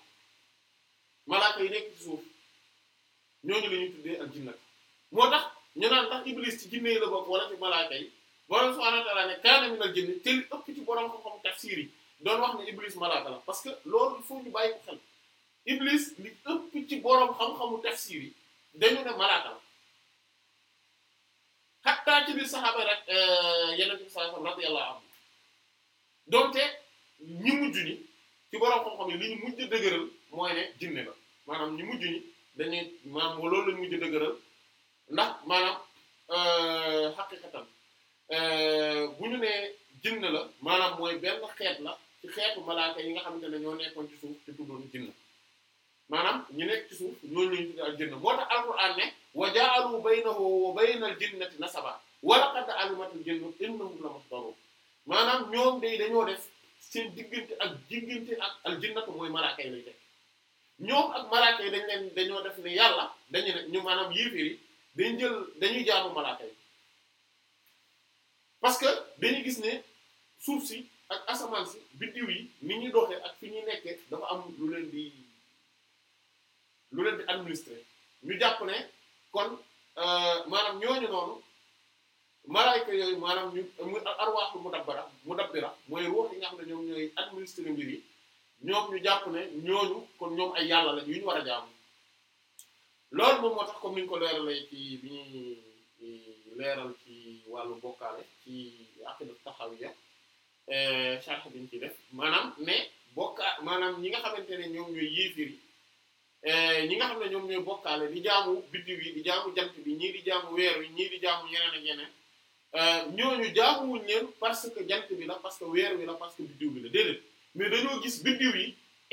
malaaka yi nekk ci suuf ñooñu la ñuy tuddee ak jinnat moo tax ñu naan ndax iblis ci jinne la bokk wala ci malaaka yi borom subhanahu wa ta'ala ne kaana minal jinni te li ëpp ci borom xam doon wax ne iblis malaaka la parce que loolu il faut ñu bàyyi ci borom xam-xamu tafsir yi dañu ne malaaka la xattaa ci biir saxaaba rek yeneen ci saxaaba radiyallahu anhu donte ñi mujj ni ci borom xam-xam yi li ñu mujj dëgëral. mooy ne jinne la maanaam ñi mujj ñi dañuy maanaam loolu lañ mujj dëgëral ndax maanaam euh, xaqiqatan euh, bu ñu nee jinne la maanaam mooy benn xeet la ci xeetu malaaka yi nga xamante ne ñoo nekkoon ci suuf te tuddoon jinne maanaam ñu nekk ci suuf ñooñu lañu tuddee jinne moo tax alquran ne wa ja'alu baynahu wa bayna al jinnati nasaba wa laqad alimatul jinnu innahum la muhdarun maanaam ñoom day dañoo def seen diggante ak ak al jinnatu mooy malaaka yi lay def ñoom ak malaaka yi dañ leen dañoo def ni yàlla dañu ne ñu maanaam yéeféer yi dañ jël dañuy jaamu malaaka yi parce que dañu gis ne suuf si ak asamaan si biddiw yi ni ñuy doxee ak fi ñuy nekkee dafa am lu leen di lu leen di administrer ñu jàpp ne kon euh, maanaam ñooñu noonu malaayka yooyu maanaam ñu muy arwaaxu mudabbara mudabbira mooy ruux yi nga xam ne ñoom ñooy administrer mbir yi ñoom ñu jàpp ne ñooñu kon ñoom ay yàlla la yu ñu war a jaamu loolu moom moo tax comme niñ ko leeralee ci bi ñuy leeral ci wàllu bokkaale ci aqida taxawiyya eh, sharh biñ ci def maanaam ne bokka maanaam ñi nga xamante ne ñoom ñooy yéefir eh, ñi nga xam ne ñoom ñooy bokkaale di jaamu biddiw bi di jaamu jant bi ñii di jaamu weer wi ñii di jaamu yeneen ak yeneen eh, ñooñu jaamuwuñ leen parce que jant bi la parce que weer wi la parce que biddiw bi la déedéet. mais dañoo gis biddiw yi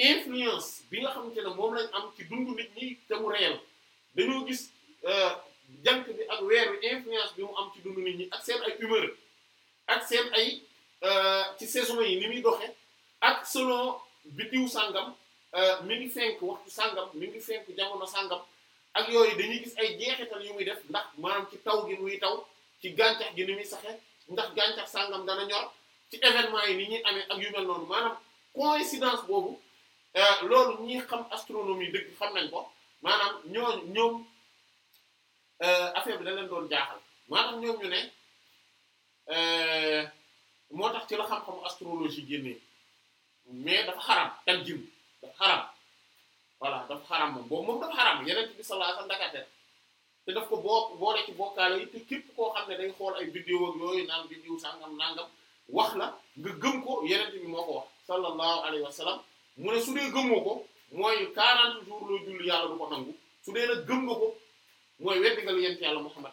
influence bi nga xamante ne moom lañ am ci dundu nit ñi te mu réel dañoo gis euh, janq bi ak weer bi influence bi mu am ci dundu nit ñi ak seen ay humeur ak seen ay euh, ci saison yi ni muy doxe ak selon biddiw sàngam euh, mi ngi fenk waxtu sàngam mi ngi fenk jamono sàngam ak yooyu dañuy gis ay jeexital yu muy def ndax maanaam ci taw gi muy taw ci gàncax gi ni muy saxe ndax gàncax sàngam dana ñor ci événement yi ni ñuy amee ak yu mel noonu coïncidence boobu euh, loolu ñi xam astronomie dëgg xam nañ ko maanaam ñoo ñoom euh, affaire bi da leen doon jaaxal maanaam ñoom ñu ne euh, moo tax ci la xam-xamu astrologie génnee mais dafa xaram tanjim dafa xaram voilà dafa xaram moom boobu moom dafa xaram yeneen bi sallallahu alayhi wasallam dakater te daf ko boo boole ci bokkaale yi te képp koo xam ne day xool ay vidéo ak yooyu naan vidéo sangam nangam wax la nga gëm ko yeneen moo ko wax sallallahu alayhi wa sallam mu ne su dee gëmoo ko mooy 40 jours loo julli yàlla du ko nangu su dee nag gëm nga ko mooy weddi nga yent yàlla Muhammad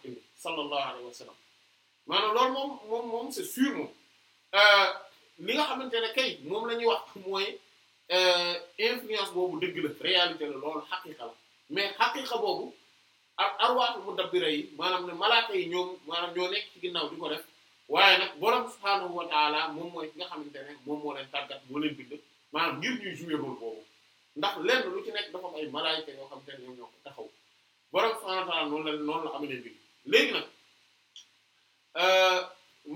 maanaam loolu moom moom moom c'est euh, nga xamante ne kay moom lañuy ñuy wax mooy euh, influence boobu dëgg la réalité la loolu xaqiqa la mais xaqiqa boobu ak arwaatu mudabbira yi maanaam ne malaaka yi ñoom maanaam ñoo nekk ci ginnaaw di ko def. waaye nag borom subhaanahu wa taala moom mooy ki nga xamante ne moom moo leen tàggat moo leen bind maanaam ngir ñuy jouer boobu ndax lenn lu ci nekk dafa am ay malaayika yoo xamante ne ñoom ñoo ko taxaw borom subhaanahu wa taala noonu la noonu la amalee léegi nag euh,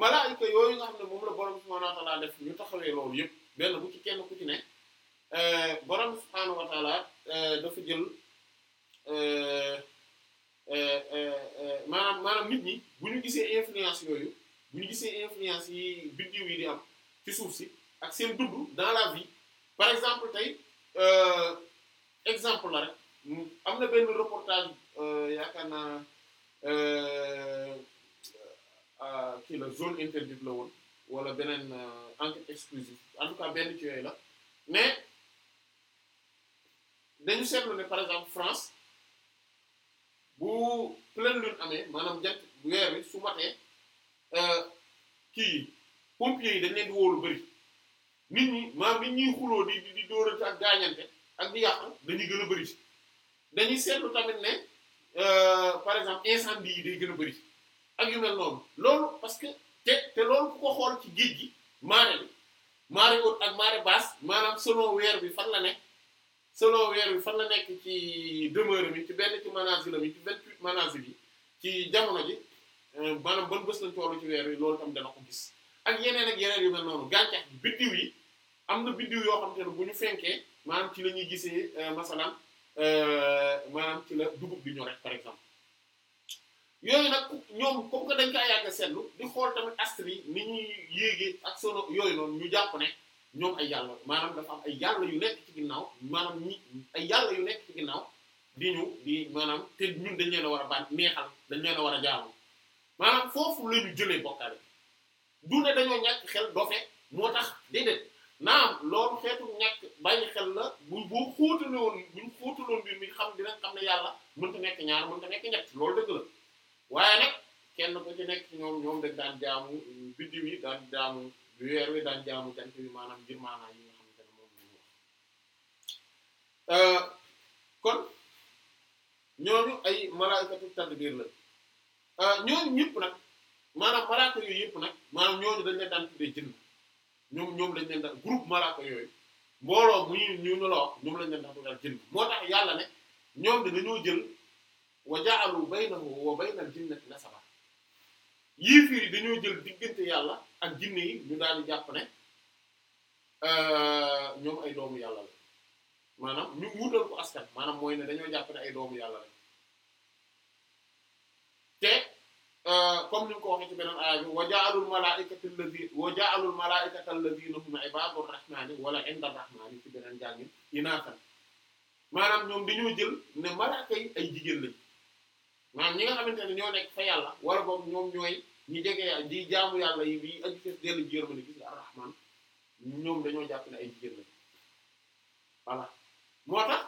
malaayika yooyu nga xam ne moom la borom subhaanahu wa def ñu taxawee loolu yëpp benn bu ci kenn ku ci ne euh, borom subhaanahu wa euh, dafa jël. maanaam maanaam nit ñi bu ñu gisee influence yooyu bu ñu gisee influence yi biddiw yi am ci suuf si ak seen dund dans la vie par exemple tey euh, exemple la rek am na benn reportage euh, yaakaar na euh, kii la zone interdite la woon wala beneen enquête exclusive en benn ci yooyu la mais dañu seetlu ne par exemple France bu pleine lune amee maanaam jant weer wi su matee Euh, kii pompiers yi dañ leen di wóolu bëri nit ñi maanaam nit ñuy xuloo di di dóorante ak gaañante ak di yàq dañuy gën a bëri dañuy seetlu tamit ne euh, par exemple incendie yi day gën a bëri ak yu mel noonu loolu parce que te te loolu ku ko xool ci géej gi marée bi marée haute ak marée basse maanaam solo weer bi fan la nekk selon weer bi fan la nekk ci demeure bi ci benn ci la bi ci 28 manazil yi ci jamono ji. Euh, maanaam ban bés lañ tollu ci weer wi loolu tam dana ko gis ak yeneen ak yeneen yu mel noonu gàncax gi biddiw yi am na biddiw yoo xam te bu ñu fenkee maanaam ci la ñuy gisee euh, masalan euh, maanaam ci la dugub bi ñor par exemple yooyu nag comme que dañ kaa yàgg xool tamit astre yi ni ñuy yéegee ak sono yooyu noonu ñu jàpp ne ñoom ay yàlla maanaam dafa am ay yàlla yu nekk ci ginnaaw maanaam ñi ay yàlla yu nekk ci ginnaaw di ñu di maanaam te ñun dañ leen war a baan neexal dañ leen war a jaamu maanaam foofu la ñu jëlee bokkaale du ne dañoo ñàkk xel dofe moo tax déedéet naam loolu xeetu ñàkk bàyyi xel la bu bu xóotaloon buñ xóotaloon mbir mi xam dina xam ne yàlla mënta nekk ñaar mënta nekk ñett loolu dëgg la waaye nag kenn ko ci nekk ñoom ñoom dañ daan jaamu biddiw yi daan jaamu weer wi daan jaamu jant bi maanaam ngir maanaam yi nga xamante ne moom lañu euh, kon ñooñu ay malaikatu tadbir la Euh, ñooñu ñëpp nag maanaam malaaka yooyu yëpp nag maanaam ñooñu dañ leen daan tuddee jinn ñoom ñoom lañ leen daan groupe malaaka yooyu mbooloo mu ñu ñu la wax ñoom lañ leen daan tuddee jinn moo tax yàlla ne ñoom de jël wa ja'alu baynahu wa bayna al-jinnati nasaba jël yàlla ak jinne ñu daal di jàpp ne euh, ñoom ay doomu yàlla la maanaam ñu wutal ko askan maanaam mooy ne dañoo jàpp ne ay doomu yàlla la comme ni ko waxee ci beneen aaya bi wa ja'alul malaa'ikata allazi wa ja'alul malaa'ikata allazina hum ibadur rahmani wala inda rahmani ci beneen jàngin inaatan maanaam ñoom dañoo jël ne malaaka ay jigéen lañ maanaam ñi nga xamante ne ñoo nekk fa yàlla wala boog ñoom ñooy ñi di jaamu yàlla yi bi aju fees dellu ji ñoom dañoo jàpp ne ay jigéen lañ voilà moo tax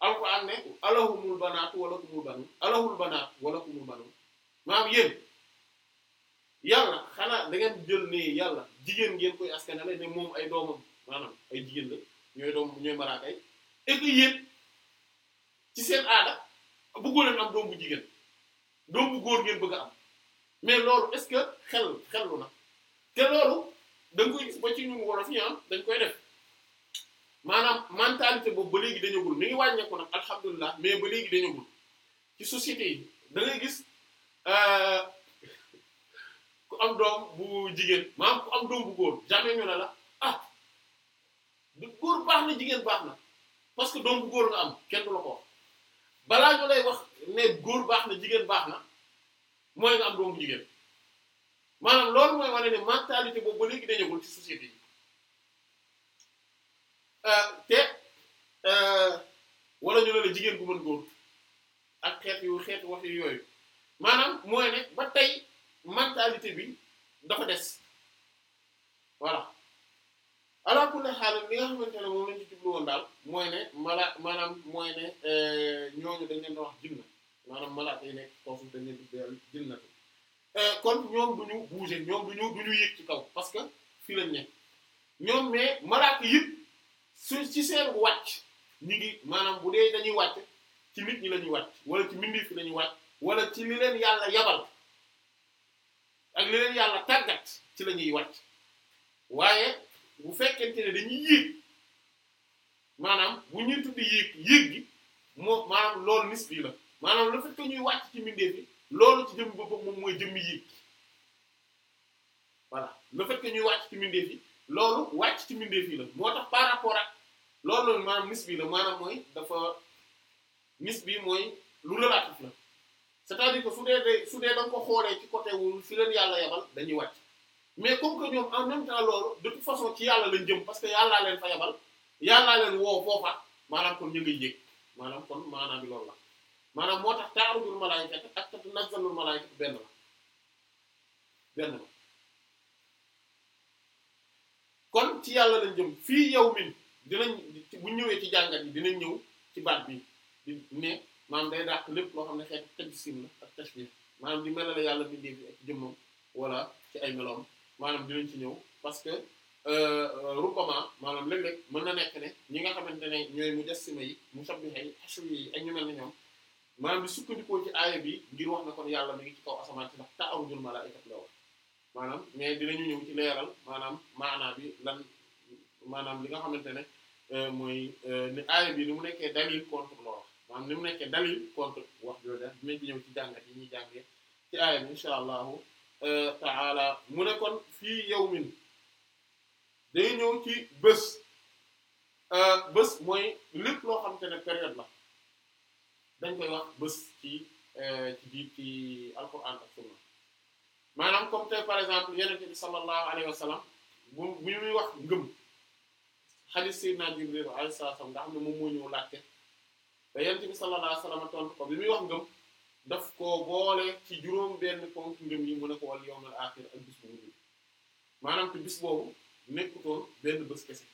alquran ne alahumul banaatu walakumul banu alahul banaatu walakumul banu maanaam yéen yàlla xanaa da ngeen jël ni yàlla jigéen ngeen koy askanale ne moom ay doomam maanaam ay jigéen la ñooy doom ñooy maraakay et puis ci seen aada bëggoo leen am doom bu jigéen doom bu góor ngeen bëgg a am mais loolu est-ce que xel xellu na te loolu da koy gis ba ci ñun wolof yi am ah, dañ koy def maanaam mentalité boobu ba léegi dañagul mi ngi wàññeeku nag alhamdulilah mais ba léegi dañagul ci société yi da gis. ku am doom bu jigéen maam ku am doom bu góor jamais ñu ne la ah du góor baax na jigéen baax na parce que doom bu góor nga am kenn du la ko balaa ñu lay wax ne góor baax na jigéen baax na mooy nga am doom bu jigéen maanaam loolu mooy wane ne mentalité boobu ba léegi dañëgul ci société yi euh, te euh, wala ñu ne la jigéen bu mën góor ak xeet yu xeet wax yu yooyu maanaam mooy ne ba tey mentalité bi dafa des voilà ala ne xaal li nga xamante ne moom lañ ci woon daal mooy ne mala maanaam mooy ne euh, ñooñu dañ leen di wax jinna maanaam malaaka yi nekk foofu dañ leen euh, kon ñoom du ñu bouger ñoom ci kaw parce que fii lañ nekk ñoom mais malaaka yëpp su ci seen wàcc ñu ngi maanaam bu dee dañuy wàcc ci nit ñi la ñuy wàcc wala ci mbindeef fi la ñuy wala ci li leen yàlla yabal ak li leen yàlla tàggat ci la ñuy wàcc waaye bu fekkente ne dañuy yéeg maanaam bu ñuy tudd yéeg yéeg gi moom maanaam loolu nisbi la maanaam le fait ñuy wàcc ci mbindeef yi loolu ci jëm boppam moom mooy jëmmi yéeg voilà le fait ñuy wàcc ci mbindeef yi loolu wàcc ci mbindeef yi la moo tax par rapport ak loolu maanaam nisbi la maanaam mooy dafa bi mooy lu relatif la. c'est-à-dire que su dee day dee da ko xoolee ci côté wu fi leen yàlla yabal dañuy wàcc mais comme que ñoom en même temps de toute façon ci yàlla lañ jëm parce que yàllaa leen fa yabal yàllaa leen woo foofa maanaam kon ñu ngay yëg maanaam kon maanaam bi la maanaam moo tax taarudul malaayika ak tanazzalul malaayika benn la benn la kon ci yàlla lañ jëm fii yow min dina bu ñëwee ci jàngat yi dinañ ñëw ci baat bi ne maanaam day dàq lépp loo xam ne xeetu tajsim la ak tashbih maanaam di melale yàlla bindee bi ak jëmmam wala ci ay meloom maanaam dinañ ci ñëw parce que euh, rubbama maanaam léeg mën na nekk ñi nga xamante ne ñooy mujassima yi mushabbiha yi hashwi yi ak ñu mel maanaam di sukkandikoo ci bi ngir wax na kon yàlla mi ngi ci kaw asamaan si ndax ta'arujul la wax maanaam mais dinañu ñëw ci leeral maanaam maanaa bi lan maanaam li nga xamante ne euh, mooy euh, ni aaya bi ni mu nekkee dalil contre maanaam ni mu nekkee dalil contre wax jooju daal dinañ ñëw ci jàngat yi ñuy jàngee ci aaya bi allahu euh, taala mu ne kon yow yawmin day ñëw ci bës euh, bés mooy lépp loo xamante ne période la dañ koy wax bés ci euh, ci biir ci alquran sunna maanaam comme tey par exemple yonent bi sallallahu alayhi wa sallam bu bu ñuy wax ngëm xadiis sayyidina Jibril alayhi salaam nga xam ne moom moo ñëw laajte. te yonent bi sallallahu alayhi wa sallam tontu ko bi muy wax ngëm daf ko boole ci juróom benn ponk ngëm yi mu ne ko wal yawmal axir ak bis bu mujj maanaam bis boobu nekkutoon benn bés kese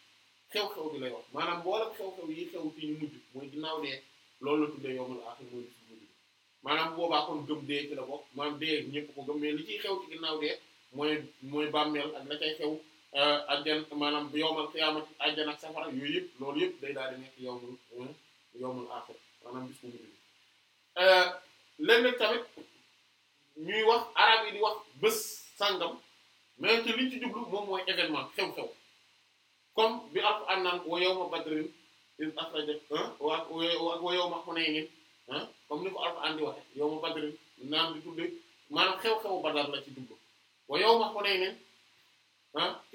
xew-xew bi maanaam boole xew yi xew fii ñu mujj ginnaaw dee loolu la tuddee yawmal axir mooy bis bu mujj maanaam boobaa kon gëm dee ci la bokk maanaam dee ñëpp ko gëm mais li ciy xew ci ginnaaw dee mooy mooy bàmmeel ak la xew euh, ajjan maanaam yawmal qiyaamati ajjan ak safara yooyu yëpp loolu yëpp day daal di nekk yawmal euh, yawmul axir maanaam bis bu mujj bi eh, léeg tamit ñuy wax arab yi di wax bés sàngam mais que liñ ci jublu moom mooy événement xew-xew comme bi Alxuraan naan wa yawma badrin iz axrajak wa wa yawma hunaynin comme ni ko Alxuraan di waxe yawma badrin naan di tudde maanaam xew-xewu Badar la ci jublu wa yawma hunaynin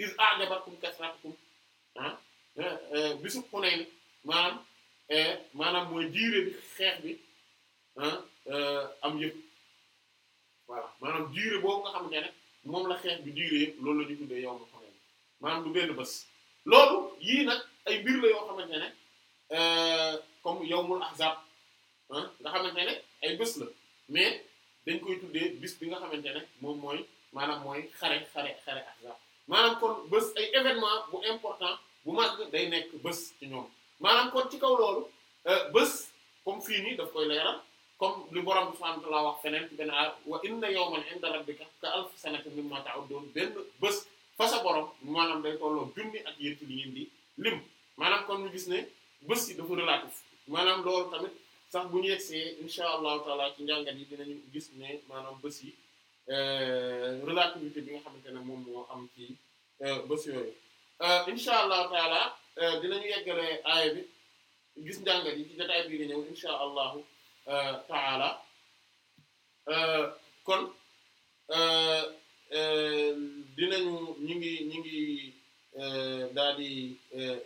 iz a'jabatkum kasratukum eh, eh, maanaam E, maanaam mooy jiire bi xeex bi ah, e, am yëpp waaw maanaam jiire boobu nga xamante ne moom la xeex bi jiire yëpp loolu la ñu tuddee yow ma xamee maanaam du benn bés loolu yii nag ay mbir la yoo xamante ne e, comme yawmul ahzab ah, nga xamante ne ay bés la mais dañ koy tuddee bis bi nga xamante ne moom mooy maanaam mooy xare xare xare ahzab maanaam kon bës ay événement bu important bu mag day nekk bës ci ñoom maanaam kon ci kaw loolu euh, bës comme fii nii daf koy leeral comme li borom subhaanahu wa ta'aala wax feneen ci benn aar wa inna yawman 'inda bi ka alfi sanatin mimma ta'uddun benn bés fa sa borom maanaam day tolloo junni ak yéen ci li ngeen di lim maanaam kon ñu gis ne bës yi dafa relatif maanaam loolu tamit sax bu ñu yegsee incha allahu taala ci njàngat yi dinañu gis ne maanaam bés yi euh, relativité bi nga xamante ne moom moo am fii euh, bés yooyu incha allahu Euh, dinañu yeggale aaya bi gis njàngat yi ci jotaay bii di ñëw insha allahu euh, taala euh, kon dinañu ñu ngi ñu ngi daal di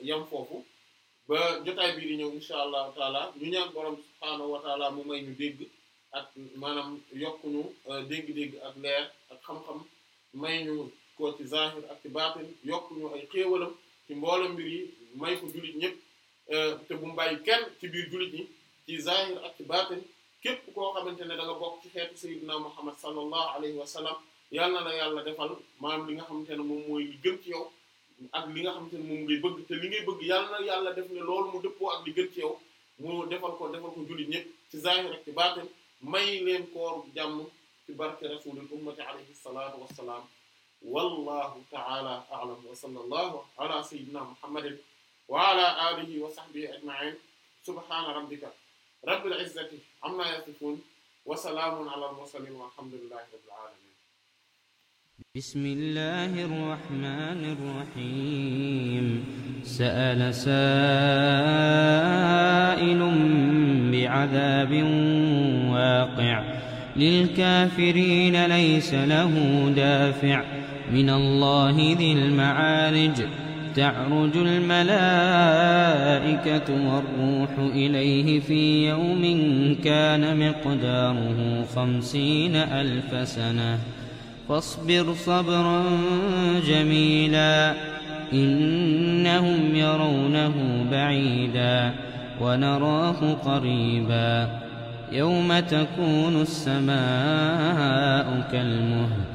yam foofu ba jotaay bii di ñëw insha allahu taala ñu ñaan borom subhaanahu wa mu may ñu dégg ak maanaam yokkuñu dégg-dégg ak leer ak xam-xam may ñu ko ci zahir ak ci baatin yokkuñu ay xéewalam ci mboolem mbir yi may ko jullit ñëpp euh, te bu mu bàyyi kenn ci biir jullit ñi ci zahir ak ci baatin képp koo xamante ne da nga bokk ci xeetu sayyidina Muhammad sallallahu alayhi wa salaam yàlla na la yàlla defal maanaam li nga xamante ne moom mooy li gën ci yow ak li nga xamante ne moom ngay bëgg te li ngay bëgg yàlla yàlla def ne loolu moo dëppoo ak li gën ci yow moo defal ko defal ko jullit ñëpp ci zahir ak ci baatin may leen koor jàmm ci barke rasulul ummati alayhi salaatu wassalaam wallahu ta'ala a'lam wa sallallahu ala sayyidina muhammadin wa ala alihi wa sahbihi ajma'in subhana rabbika rabbil izzati amma yasifun wa salaamun ala al-mursalin walhamdulillahi rabbil alamin بسم الله الرحمن الرحيم سأل سائل بعذاب واقع للكافرين ليس له دافع من الله ذي المعارج تعرج الملائكة والروح إليه في يوم كان مقداره خمسين ألف سنة فاصبر صبرا جميلا إنهم يرونه بعيدا ونراه قريبا يوم تكون السماء كالمهل